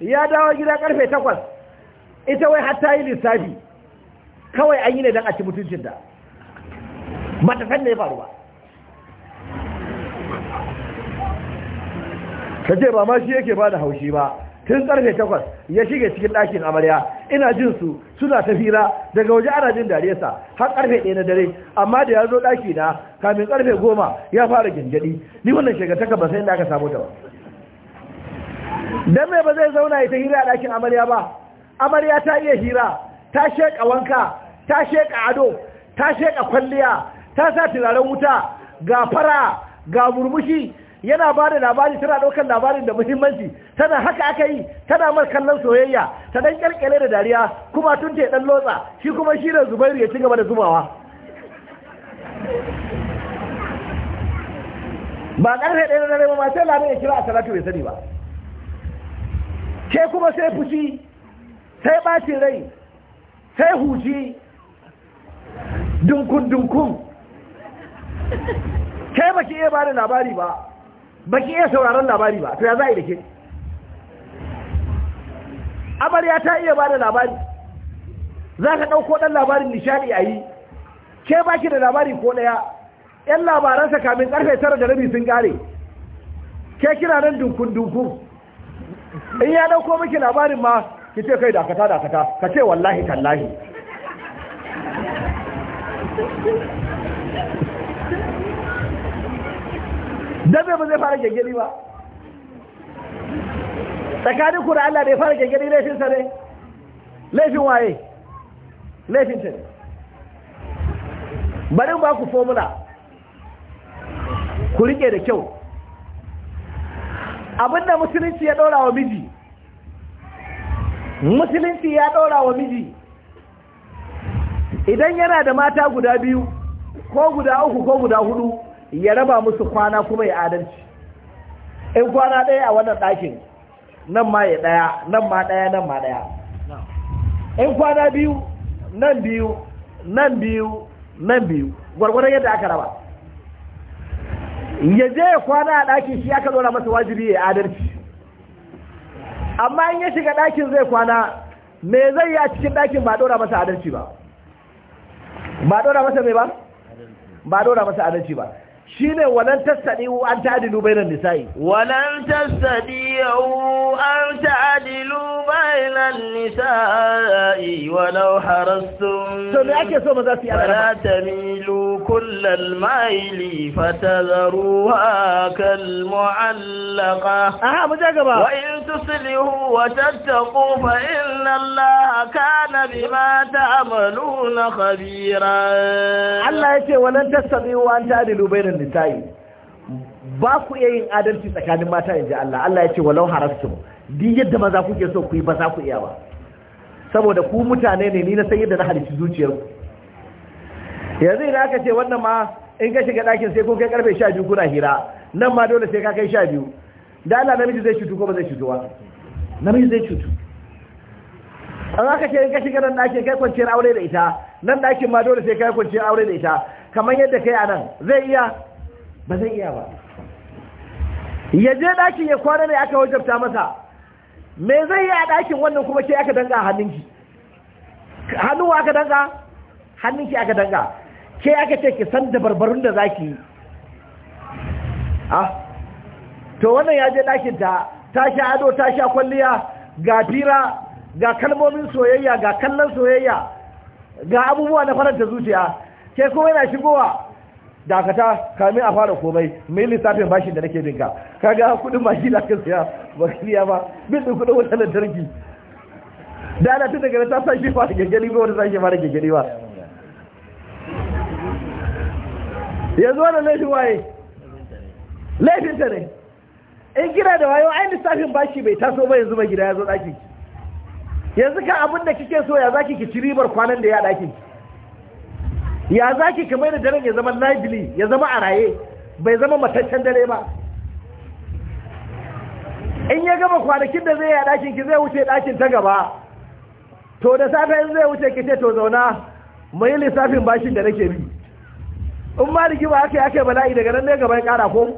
ya dawo gida ƙarfe takwas ita wai hatta yi lissafi kawai an yi ne don a ci mutuncin da matakan san ya faru ba ta ce ba ma shi yake ba da haushi ba tun karfe takwas ya shige cikin ɗakin amarya ina jin su suna ta fira daga waje ana jin dariyarsa har karfe ɗaya na dare amma da ya zo ɗaki na kamin karfe goma ya fara gingadi ni wannan shekartaka ba sai inda aka samu ta ba dan mai ba zai zauna ya ta hira a ɗakin amarya ba amarya ta iya hira ta sheƙa wanka ta sheƙa ado ta sheƙa kwalliya ta sa turaren wuta ga fara ga murmushi yana ba da labari tana ɗaukar labarin da muhimmanci tana haka aka yi tana mar kallon soyayya ta dan kyalkyale da dariya kuma tun ta dan lotsa shi kuma shi da zubairu ya ci gaba da zubawa ba ƙarfe ɗaya na dare ba sai labarin ya kira a salatu bai sani ba ke kuma sai fushi sai ɓacin rai sai huji dunkun dunkun kai baki ki iya bada labari ba baki iya sauraron labari ba to ya za a yi da ke amarya ta iya ba da labari za ka ɗauko ɗan labarin nishadi a yi ke baki da labari ko ɗaya ‘yan labaransa kamin ƙarfe tara da rabi sun ƙare ke kira nan dunkun-dunkun in ya ɗauko miki labarin ma ki ce kai dakata dakata ka ce wallahi tallahi dan ba zai fara gaggari ba tsakanin ku da Allah da ya fara gaggari laifin ne laifin waye laifin ne bari ba ku formula ku rike da kyau abinda musulunci ya ɗora wa miji musulunci ya ɗora wa miji idan yana da mata guda biyu ko guda uku ko guda hudu ya raba musu kwana kuma ya adalci in kwana ɗaya a wannan ɗakin nan ma ya ɗaya nan ma ɗaya nan ma ɗaya in kwana biyu nan biyu nan biyu nan biyu gwargwaron yadda aka raba ya je ya kwana a ɗakin shi aka ɗora masa wajibi ya adalci amma in ya shiga ɗakin zai kwana me zai yi a cikin ɗakin ba ɗora masa adalci ba ba ɗora masa mai ba ba ɗora masa adalci ba shine walan tasadiu an ta'dilu nan nisa'i walan tasadiu an ta'dilu nan nisa'i walau harastum to me ake so maza su yi ta milu kullal maili fatadharuha kal mu'allaqa aha mu je gaba wa in tuslihu wa tattaqu fa inna allaha kana bima ta'maluna khabira Allah yace walan tasadiu an ta'dilu nan. wannan nisa'i ba ku iya yin adalci tsakanin mata in ji Allah Allah ya ce walau harastum duk yadda maza kuke so ku yi ba za ku iya ba saboda ku mutane ne ni na san yadda na halicci zuciyarku yanzu idan aka ce wannan ma in ka shiga ɗakin sai kun kai karfe sha biyu kuna hira nan ma dole sai ka kai sha biyu da Allah namiji zai cutu ko ba zai cutu ba namiji zai cutu an aka ce in ka shiga nan ɗakin kai kwanciyar aure da ita nan ɗakin ma dole sai kai kwanciyar aure da ita kamar yadda kai anan zai iya ba zai iya ba ya je ɗakin ya kwana ne aka wajabta masa me zai yi a ɗakin wannan kuma ke aka danga hannunki hannu aka danga hannunki aka danga ke aka ce ki san dabarbarun da za ki yi ah to wannan ya je ɗakinta ta sha ado ta sha kwalliya ga fira, ga kalmomin soyayya ga kallon soyayya ga abubuwa na faranta zuciya ke kuma yana shigowa dakata kamin a fara komai mai lissafin bashin da nake binka kaga kudin bashi da ka siya ba kariya ba bin din kudin wutar lantarki da ana tun daga ta sashi fara gaggari ba wata sashi fara gaggari ba yanzu wani laifin waye laifin ta ne in gina da wayo ai lissafin bashi bai taso ba yanzu mai gida ya zo daki yanzu ka abin da kike so ya zaki ki ci ribar kwanan da ya daki ya za ki kamar da daren ya zama lively ya zama a raye bai zama mataccen dare ba in ya gama kwanakin da zai yi a ɗakin ki zai wuce ɗakin ta gaba to da safe in zai wuce ki ce to zauna mu yi lissafin bashin da nake bi in ma rigima aka yi aka yi bala'i daga nan ne gaba ya ƙara ko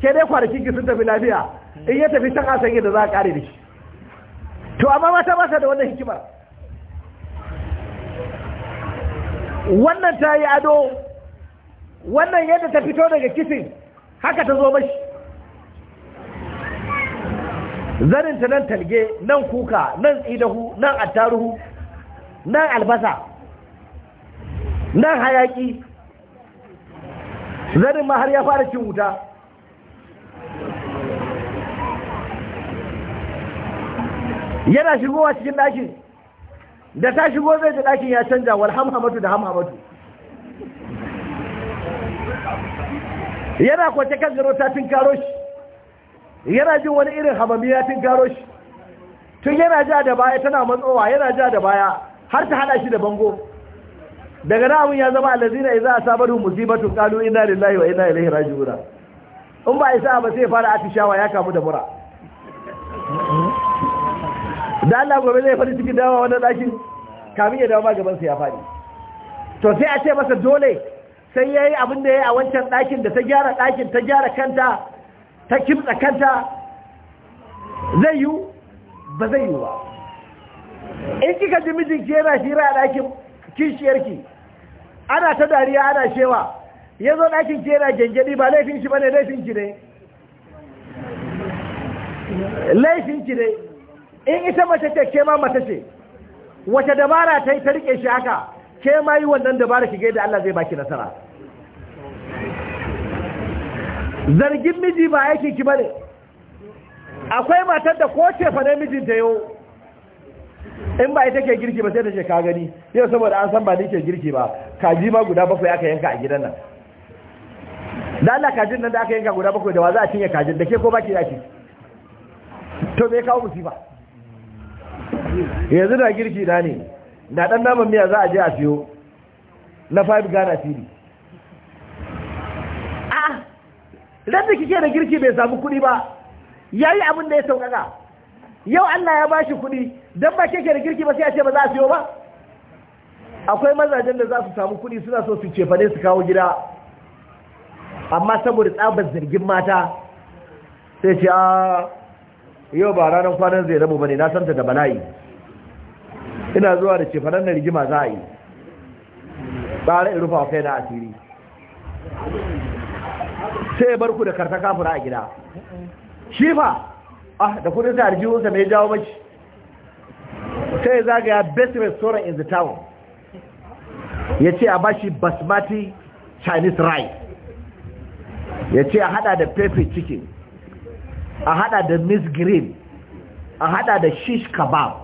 ke dai kwanakin ki sun tafi lafiya in ya tafi can a da za a ƙare da shi to amma mata masa da wannan hikima. wannan ta yi ado wannan yadda ta fito daga kisin haka ta zo mashi zaninta nan talge nan kuka nan tsidahu nan attaruhu nan albasa nan hayaki zanin ma har ya fara cin wuta yana shigowa cikin ɗakin da ta shigo zai ji ɗakin ya canja wal hamhamatu da hamhamatu yana kwace kan garo ta tun karo shi yana jin wani irin hamami ya tun karo shi tun yana ja da baya tana matsowa yana ja da baya har ta hada shi da bango daga namun ya zama allazina idza asabatu musibatu qalu inna lillahi wa inna ilaihi raji'un in ba isa ba sai fara atishawa ya kamu da mura da Allah gobe zai fari cikin dawa wannan ɗakin kamin ya dawo ma sa ya faɗi to sai a ce masa dole sai ya yi abin da ya yi a wancan ɗakin da ta gyara ɗakin ta gyara kanta ta kimtsa kanta zai yi ba zai yi ba in kika ji mijinki yana shira a ɗakin kishiyarki ana ta dariya ana shewa ya zo ɗakin ki yana gyangyaɗi ba laifin shi ba ne laifin ki ne laifin ki ne in ita mace ce ke ma mace ce wace dabara ta yi ta rike shi haka ke ma yi wannan dabara ki gaida Allah zai baki nasara zargin miji ba aikin ki bane akwai matar da ko ce fa ne mijinta yau in ba ita ke girki ba sai ta ce ka gani yau saboda an san ba ni ke girki ba kaji ma guda bakwai aka yanka a gidan nan da Allah kajin nan da aka yanka guda bakwai da wa za a cinye kajin da ke ko baki yaki to me kawo musiba yanzu da girki na ne da ɗan naman miya za a je a siyo na 5 ghana fili. a ah! ran da kike da girki bai samu kuɗi ba ya yi abin da ya sauƙaƙa yau allah ya bashi kuɗi don ba keke da girki ba sai a ce ba za a siyo ba akwai mazajen da za su samu kuɗi suna so su cefane su kawo gida amma saboda tsabar zargin mata sai ce a ah, yau ba ranar kwanan zai rabu ba ne na santa da bala'i ina zuwa da cefanen na rigima za a yi tsara in rufa kai na asiri sai bar ku da karta kafura a gida Shifa! fa ah da kudin sa arjihunsa mai jawo mashi sai zagaya best restaurant in the town ya ce a bashi basmati chinese rice ya ce a hada da pepper chicken a hada da miss green a hada da shish kebab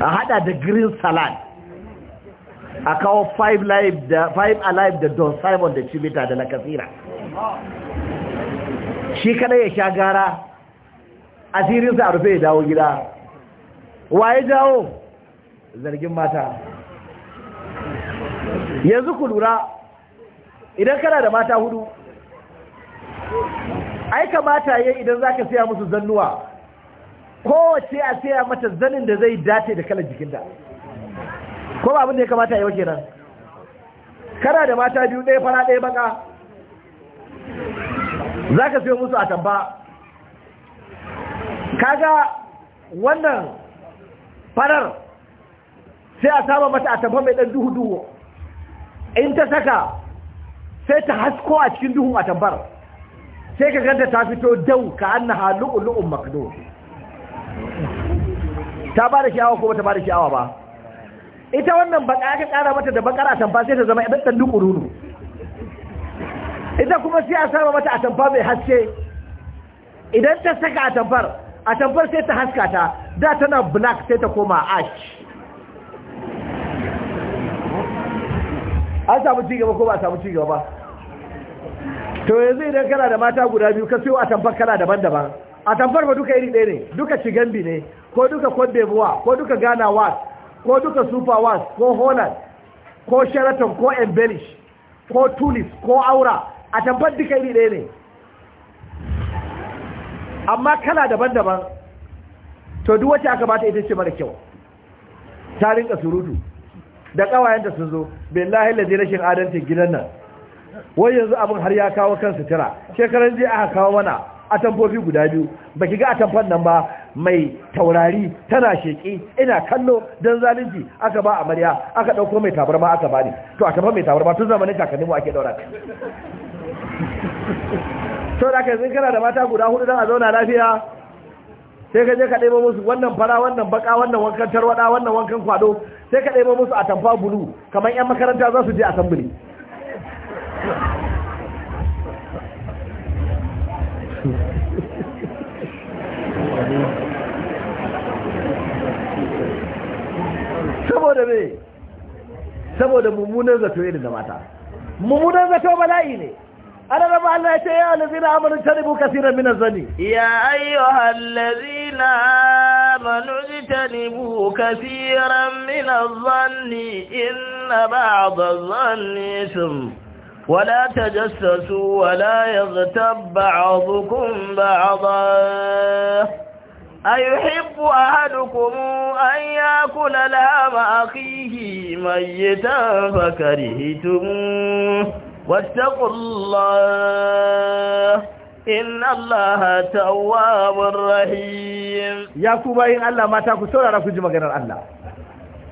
a hada da green salad a kawo five alive da don simon da cibita da lakasira shi kada ya sha gara sirinsa a rufe ya dawo gida waye jawo zargin mata yanzu ku lura idan kana da mata hudu aika kamata yayi idan za ka siya musu zannuwa kowace a saya mata zanin da zai dace da kalar jikinta ko ba abin da ya kamata yau kenan kana da mata biyu ɗaya fara ɗaya baka za ka siyo musu a tamba kaga wannan farar sai a saba mata a tamba mai ɗan duhu-duhu in ta saka sai ta hasko a cikin duhun a tambar sai ka ganta ta fito dau ka annaha lu'ulu'un makdo ta ba da sha'awa ko bata ba da sha'awa ba ita wannan baka aka kara mata da a tamfa sai ta zama idan ta dukururu ita kuma sai a sama mata a tamfa mai haske idan ta saka a tamfar a tamfar sai ta haska ta da tana black sai ta koma ash an samu cigaba ko ba a samu cigaba to yanzu idan kana da mata guda biyu ka siyo a tamfar kana daban-daban a tamfar ba duka iri ɗaya ne duka cigambi ne ko duka buwa ko duka ghana was ko duka super was ko holland ko sheraton ko embellish ko tulis ko aura a tamfar duka iri ɗaya ne amma kala daban-daban to duk wacce aka bata ita ce mara kyau ta rinka surutu da da sun zo billahi lazi rashin adantin gidan nan wai yanzu abin har ya kawo kan sutura shekaran jiya aka kawo mana atamfofi guda biyu ba ki ga atamfan nan ba mai taurari tana sheƙi ina kallo don zalunci aka ba amarya aka ɗauko mai tabarma aka ba ne to atamfan mai tabarma tun zamanin kakanninmu ake ɗaura To da kai yanzu kana da mata guda hudu don a zauna lafiya sai ka je ka ɗaiba musu wannan fara wannan baka wannan wankan tarwaɗa wannan wankan kwado sai ka ɗaiba musu atamfa bulu kamar 'yan makaranta za su je assembly saboda me saboda mummunan zato irin da mata mummunan zato bala'i ne ana raba Allah ya ce ya allazina amanu taribu kaseeran min az-zani ya ayyuhallazina amanu min inna zanni ولا تجسسوا ولا يغتب بعضكم بعضا ayuhibbu ahadukum an yakula lahama akhihi mayyitan fakarihtum wattaqullaha innallaha tawwabur rahim yakuba in Allah mata ku saurara ku ji maganar Allah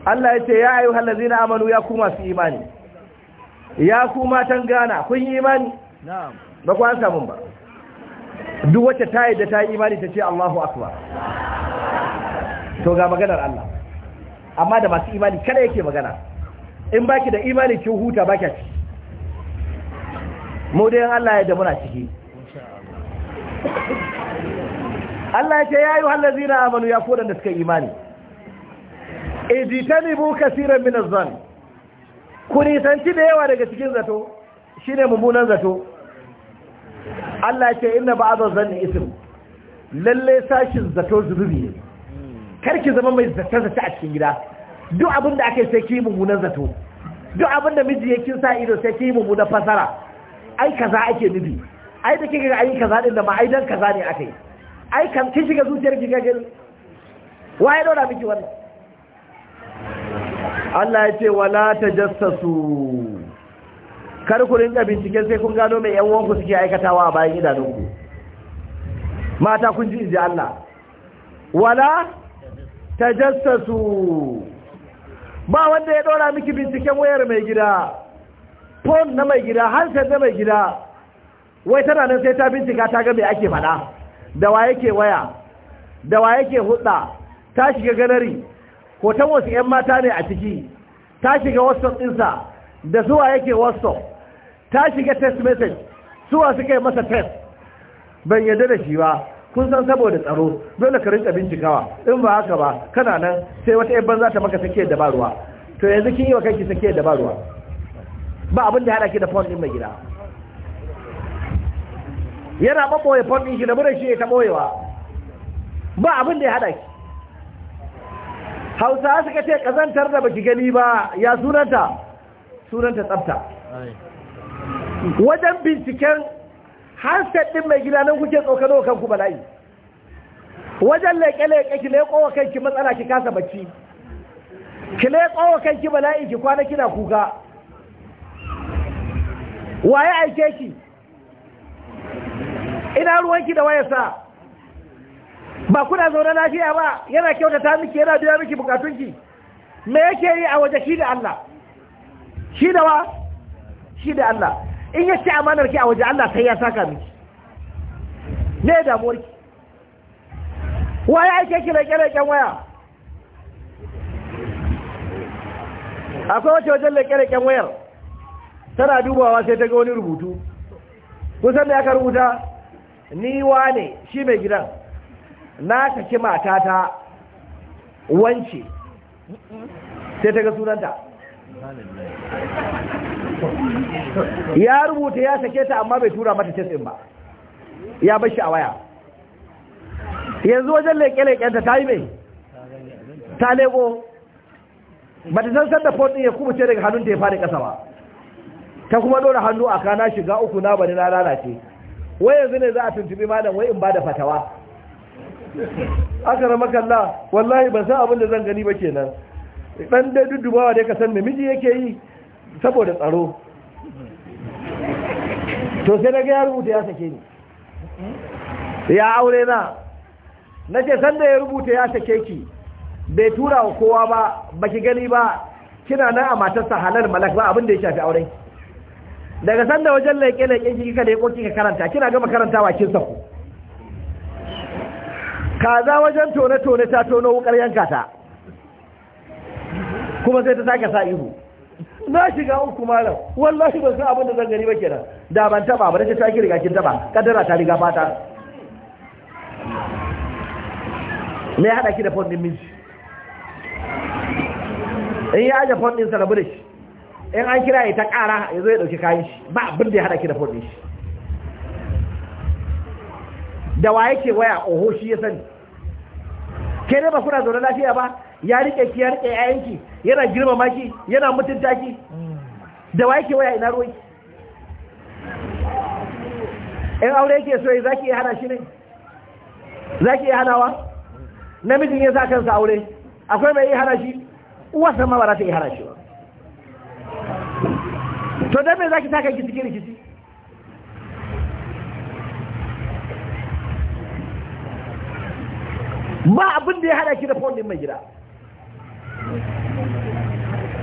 Allah yace ya ayu ayyuhallazina amanu ya kuma su imani ya kuma tangana kun yi imani na'am ba ku ansa mun ba duk wacce ta da ta yi imani ta ce Allahu akbar to ga maganar Allah amma da masu imani kada yake magana in baki da imani kin huta baki a mu dai Allah ya da muna ciki Allah ya ce ya yi wallazina amanu ya kodan da suka imani ijtanibu kaseeran min az-zann kuni tanti da yawa daga cikin zato shine mummunan zato Allah ce inna zan zanni ism lalle sashin zato zubi ne karki zama mai zata zata a cikin gida duk abin da ake sai ki mumuna zato duk abin da miji ya kin sa ido sai ki mumuna fasara ai kaza ake nubi ai da kike ga ai kaza din da ma ai dan kaza ne akai ai kan kin shiga zuciyar ki ga gani waye dora miki wannan Allah ya ce wala tajassasu kar ku rinka binciken sai kun gano mai yan uwanku suke aikatawa a bayan idanunku mata kun ji inji Allah wala tajassasu ba wanda ya dora miki binciken wayar mai gida phone na mai gida handset na mai gida wai tana nan sai ta bincika ta ga mai ake faɗa da wa yake waya da wa yake hudda ta shiga ganari hoton wasu 'yan mata ne a ciki ta shiga wasu ɗinsa da zuwa yake wasu ta shiga text message suwa suka yi masa test ban yadda da shi ba kun san saboda tsaro dole ka rinka bincikawa in ba haka ba kana nan sai wata yabban za ta maka sake da ba to yanzu kin yi wa kanki sake da ba ba abin da haɗa ki da phone din mai gida yana maboye phone din shi da mura shi ya ta boyewa ba abin da ya haɗa ki Hausa suka ce kazantar da baki gani ba ya sunanta sunanta tsafta wajen binciken handset ɗin mai gida nan kuke tsokano kanku bala'i wajen leƙe-leƙe ki leƙo wa kanki matsala ki kasa bacci ki leƙo wa kanki bala'i ki kwana kina kuka waye aike ki ina ruwanki da wayarsa ba kuna zaune lafiya ba yana kyautata miki yana biya miki bukatunki me yake yi a waje shi da Allah shi da wa shi da Allah in ya ce amanar ki a waje Allah sai ya saka miki ne damuwar ki waya ake ki rake waya akwai wace wajen rake-raken wayar tana dubawa sai ta ga wani rubutu kusan da aka rubuta ni wane shi mai gidan na mata matata wance sai ta ga sunanta ya rubuta ya sake ta amma bai tura mata text ba ya bar shi a waya yanzu wajen leƙe leƙenta ta yi mai ta leƙo? ba ta san sanda fort ya kuma ce daga hannun ta ya fara ƙasa ba ta kuma dora hannu a kana shiga uku na bane na lalace wai yanzu ne za a tuntubi malam wai in ba da fatawa aka rama kalla wallahi ban san abin da zan gani ba kenan dan dai duddubawa dai ka san me miji yake yi saboda tsaro to sai na ga ya rubuta ya sake ni ya aure na na ce sanda ya rubuta ya sake ki bai tura wa kowa ba baki gani ba kina nan a matarsa halar malak ba abin da ya shafi aure? daga sanda wajen laike laike kika da kika karanta kina gama karantawa kin sako kaza wajen tone tone ta tono wukar yanka ta kuma sai ta sake sa ihu na shiga uku malam wallahi ban san abin da zan gani ba kenan da ban taba ba da ta ki riga kin taba kadara ta riga fata me hada ki da fon din miji in ya ga fon din sa da shi in an kira ya ta kara ya zo ya dauki kayan shi ba abin da ya hada ki da fon din shi da waye ke waya oho shi ya sani kene ba kuna zaune lafiya ba ya rike ki ya rike yayanki yana girmama ki yana mutunta ki da wa yake waya ina ruwai in aure yake so ya zaki iya hana shi ne zaki iya hanawa namijin ya sa kansa aure akwai mai iya hana shi uwarsa ma ba za ta iya hana shi ba to dan me zaki taka ki cikin rikici ba abin da ya hada ki da fondin mai gida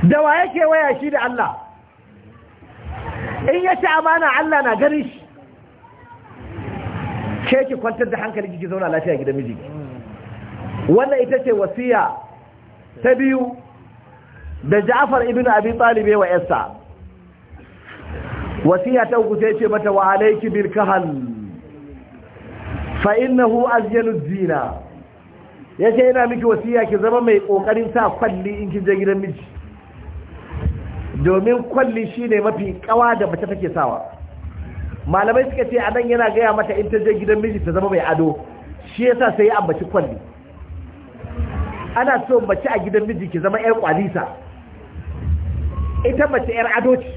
da wa yake waya shi da Allah in ya ci amana Allah na gari shi ke ki kwantar da hankali kiki zauna lafiya gida miji wannan ita ce wasiya ta biyu da Ja'far ibn Abi Talib wa yarsa wasiya ta uku sai ce mata wa alayki bil kahal fa innahu azyanu zina ya ce yana miki wasiya ki zama mai kokarin sa kwalli in kin je gidan miji domin kwalli shine mafi kawa da mace take sawa malamai suka ce anan yana gaya mata in ta je gidan miji ta zama mai ado shi yasa sai ya ambaci kwalli ana so mace a gidan miji ki zama yar kwalisa ita mace yar ado ce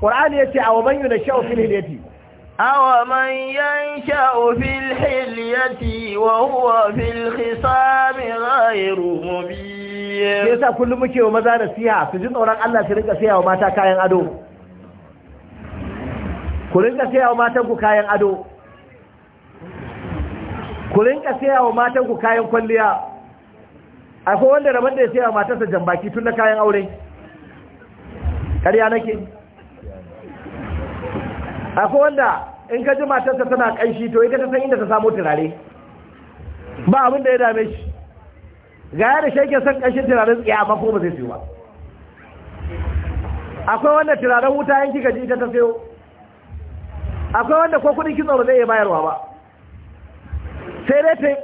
qur'ani yace awaman yunashau fil hilyati أَوَمَنْ يَنْشَأُ فِي الْحِلْيَةِ وَهُوَ فِي الْخِصَامِ غَيْرُ مُبِينٍ yasa kullum muke wa maza nasiha su ji tsoron Allah su rinka saya wa mata kayan ado ku rinka saya wa matan kayan ado ku rinka saya wa matan kayan kwalliya akwai wanda rabar da ya saya wa matarsa jambaki tun na kayan aure ƙarya nake akwai wanda in ka ji matarsa tana ƙanshi to ita ta san inda ta samu turare ba abin da ya dame shi ga yadda yake san ƙanshin turaren tsaye amma ko ba zai siyo ba akwai wanda turaren wuta yanki gaji ita ta sayo akwai wanda ko kudin kitso ba zai iya bayarwa ba sai dai ta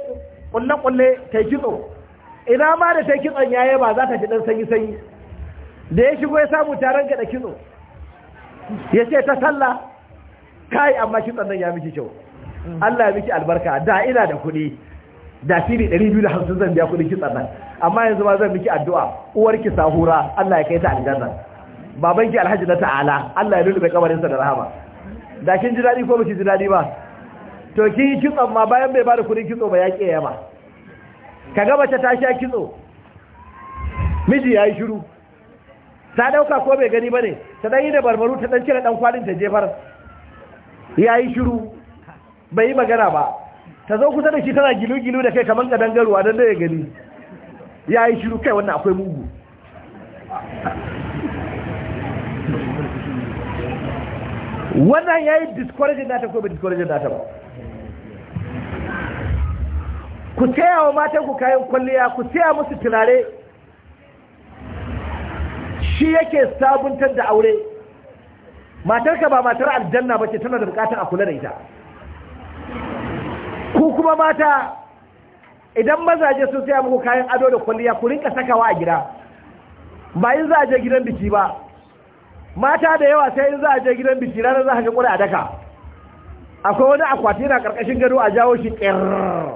kulle-kulle ta yi kitso ina ma da ta yi kitson yaye ba za ta ji dan sanyi-sanyi da ya shigo ya samu taron gada kitso ya ce ta sallah kai amma shi nan ya miki kyau Allah ya miki albarka da ina da kuɗi da fili 250 zan biya kuɗin ki nan amma yanzu ma zan miki addu'a uwarki sahura Allah ya kai ta aljanna babanki alhaji na ta'ala Allah ya lulube sa da rahama da kin ji dadi ko baki ji dadi ba to kin yi kitso ma bayan bai bada kuɗin kitso ba ya ke yama kaga bace ta sha kitso miji yayi shiru ta ɗauka ko bai gani ba ne ta dan yi da barbaru ta ɗan cire ɗan kwalin ta jefar ya yi shiru bai yi magana ba ta zo kusa da shi tana gilu-gilu da kai kamar garuwa don da ya gani ya yi shiru kai wannan akwai mugu wannan ya yi discouraging nata ko ba discouraging nata ba ku taya wa matan ku kayan kwalliya ku taya musu tunare shi yake sabuntar da aure matarka ba matar aljanna ba ce tana da bukatar a kula da ita ku kuma mata idan mazaje sun saya muku kayan ado da kwalliya ku rinka sakawa a gida ba in za a je gidan biki ba mata da yawa sai in za a je gidan biki ranar za a ga kura a daka akwai wani akwati na karkashin gado a jawo shi ƙirar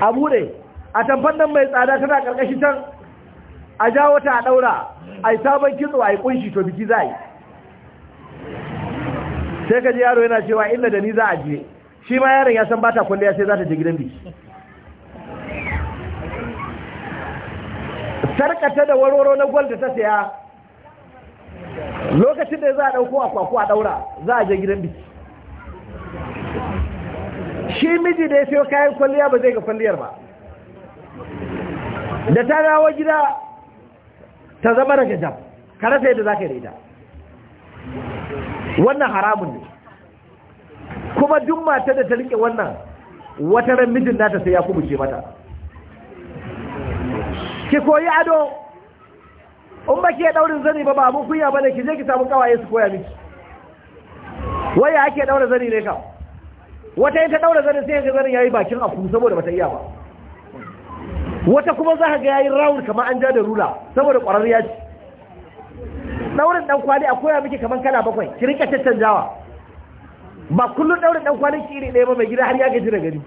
a bude a tamfan nan mai tsada tana karkashin can a jawo ta a daura a yi sabon kitso a yi kunshi to biki za yi sai ka ji yaro yana cewa inda da ni za a je shi ma yaron ya san bata kwalliya sai za ta je gidan biki tarkata da warwaro na gwal da ta saya lokacin da za a ɗauko akwaku a ɗaura za a je gidan biki shi miji da ya sayo kayan kwalliya ba zai ga kwalliyar ba da ta dawo gida ta zama daga jam karasa yadda za ka yi da ita wannan haramun ne kuma duk matar da ta rike wannan wata ran mijin nata sai ya kubuce mata ki koyi ado in ba ke daurin zani ba ba abun kunya ba ne ki je ki samu kawaye su koya miki waya ake daura zani ne ka wata yin ta daura zani sai ga zani yi bakin aku saboda bata iya ba wata kuma za ka ga yayi round kamar an ja da rula saboda kwararriya ce daurin dan kwali a koya miki kaman kala bakwai ki rinka ba kullun daurin dan kwali ki iri ɗaya ba mai gida har ya gaji da gari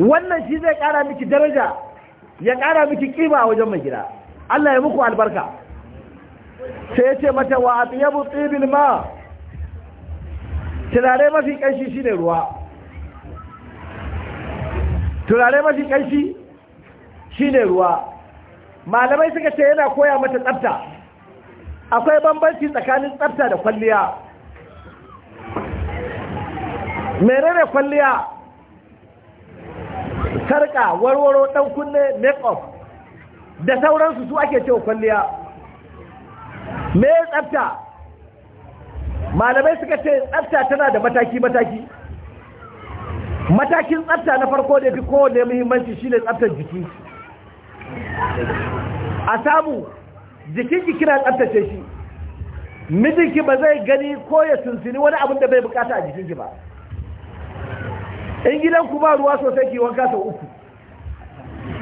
wannan shi zai kara miki daraja ya kara miki kima a wajen mai gida Allah ya muku albarka sai ya ce mata wa atyabu tibil ma turare mafi kanshi shine ruwa mafi kanshi shine ruwa malamai suka ce yana koya mata tsafta akwai bambanci tsakanin tsafta da kwalliya menene kwalliya sarka warwaro dan kunne make-up da sauransu su ake cewa kwalliya me tsafta malamai suka ce tsafta tana da mataki-mataki matakin tsafta na farko da fi kowane muhimmanci shine tsaftar jiki a samu jikinki kina tsabtace shi mijinki ba zai gani ko ya sunsuni wani abin da bai bukata a jikinki ba in gidanku ba ruwa sosai ki wanka sau uku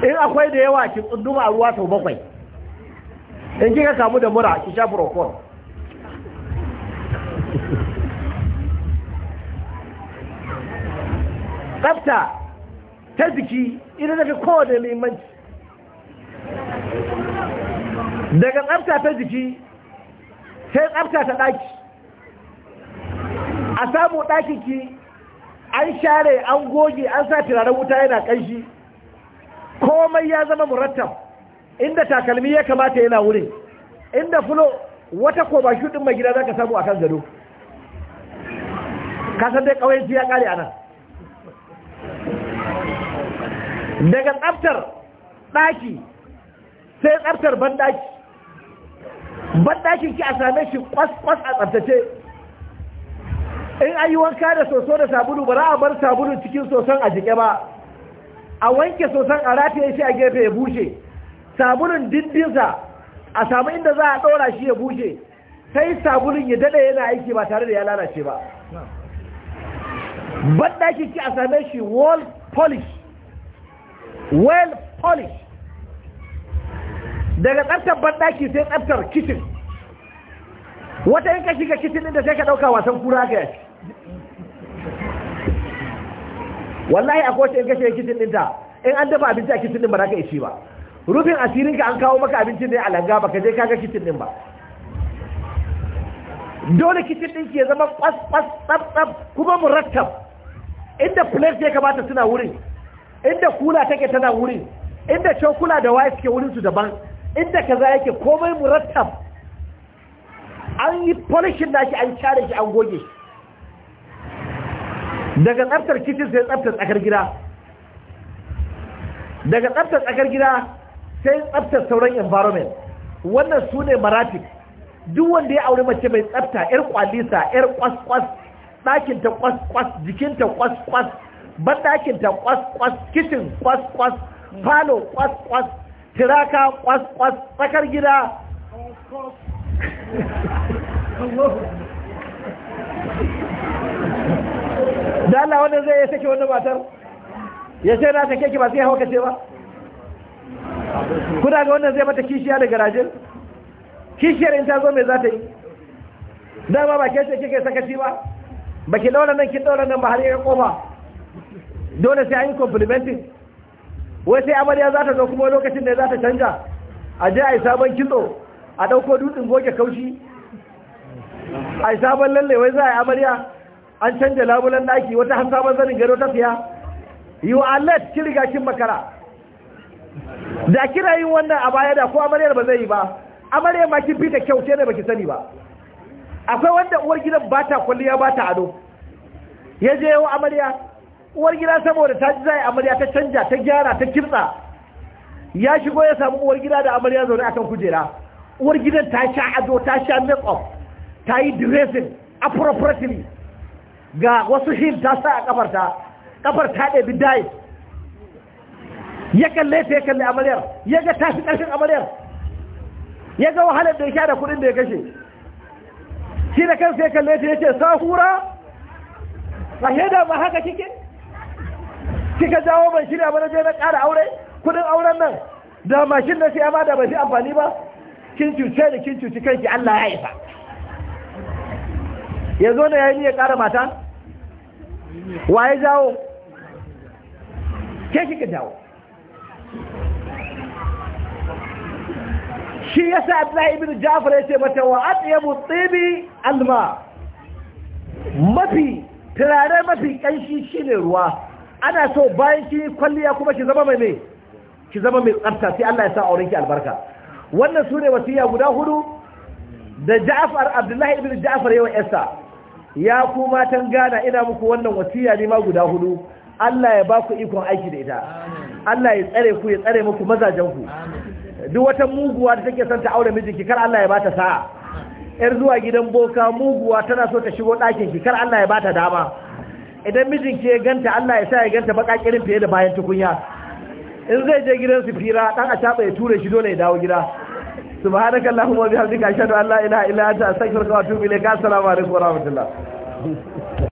in akwai da yawa ki tsunduma a ruwa sau bakwai in kika kamu da mura ki sha procol tsafta ta jiki ita fi kowane muhimmanci daga tsabta ta jiki sai tsabta ta ɗaki a samu ɗakinki an share an goge an sa turaren wuta yana kanshi komai ya zama murattab inda takalmi ya kamata yana wurin inda fulo wata ko ba mai gida za ka samu a kan gado san dai ƙawayenci ya kare a nan daga tsabtar ɗaki sai tsartar bandaki bandakin ki a same shi kwas-kwas a tsaftace in ayi wanka da soso da sabulu ba za a bar sabulu cikin soson a jike ba a wanke soson a rataye shi a gefe ya bushe sabulun dindinsa a samu inda za a ɗora shi ya bushe sai sabulun ya daɗe yana aiki ba tare da ya lalace ba bandakin ki a same shi wall polish well polish daga tsartar banɗaki sai tsartar kitin wata yin ka shiga kitin ɗin da sai ka ɗauka wasan kura ga yaki wallahi a kowace in ka shiga kitin ɗin ta in an dafa abinci a kitin ɗin ba za ka ishi ba rufin asirin ka an kawo maka abinci ne a langa ba ka je kaga kitin ɗin ba dole kitin ɗin ke zama kwas tsaf tsaf kuma murattab inda plate ya kamata suna wurin inda kula take tana wurin inda cokula da waya suke wurin su daban inda kaza yake komai murattab an yi polishin da shi an share shi an goge daga tsaftar kicin sai tsaftar tsakar gida daga tsaftar tsakar gida sai tsaftar sauran environment wannan su ne maratik duk wanda ya auri mace mai tsafta yar kwalisa yar kwaskwas ɗakinta kwaskwas jikinta kwaskwas banɗakinta kwaskwas kicin kwaskwas falo kwaskwas tiraka kwas-kwas tsakar gida da Allah wanda zai ya sake wanda matar ya sai na sake ki ba sai hauka ce ba kuna ga wannan zai mata kishiya da garajin kishiyar in ta zo mai za ta yi dama ba ke sake kai sakaci ba ba ki daura nan ki daura nan ba har yi kofa dole sai an yi complimenting wai sai amarya za ta zo kuma lokacin da za ta canja a je a yi sabon kitso a ɗauko dutsen goge kaushi a yi sabon lalle wai za a yi amarya an canja labulan naki wata har sabon zanin gado ta siya yi wa alert ki makara da kira yin wannan a baya da ko amaryar ba zai yi ba amaryar ma kin fita kyau ce ne baki sani ba akwai wanda uwar gidan ba ta kwalliya ba ta ado ya je yau amarya uwar gida saboda ta ji zai amarya ta canja ta gyara ta kirtsa ya shigo ya samu uwar gida da amarya zaune akan kujera uwar gidan ta sha ado ta sha make up ta yi dressing appropriately ga wasu hin ta sa a ta, kafar ta bi dai ya kalle ta ya kalle amaryar ya ga tashi ƙarshen amaryar ya ga wahalar da ya da kuɗin da ya kashe shi da kansa ya kalle ta ya ce sahura ba da ba haka kike kika jawo ban shirya ba na je na ƙara aure kudin auren nan da mashin na sai ma da ba shi amfani ba kin cuce ni kin cuci kanki Allah ya isa ya zo ne ya yi ya ƙara mata wa ya jawo ke kika jawo shi ya sa Abdullahi ibn Jafar ya ce mata wa atyabu tibi alma mafi turare mafi kanshi shine ruwa ana so bayan kin kwalliya kuma ki zama mai me. ki zama mai tsafta sai Allah ya sa auren ki albarka wannan sune wasiya guda hudu da Ja'far Abdullahi ibn Ja'far yawa yasa ya ku matan gana ina muku wannan wasiya ne ma guda hudu Allah ya ba ku ikon aiki da ita Allah ya tsare ku ya tsare muku mazajen ku duk wata muguwa da take son ta aure mijinki kar Allah ya ba ta sa'a yar zuwa gidan boka muguwa tana so ta shigo ɗakin ki kar Allah ya ba ta dama idan mijinki ya ganta Allah ya sa ya ganta baka kirin fiye da bayan tukunya in zai je gidan su fira dan a taba ya ture shi dole ya dawo gida subhanakallahumma wa bihamdika ashhadu an la ilaha illa anta astaghfiruka wa atubu ilayk assalamu alaikum wa rahmatullah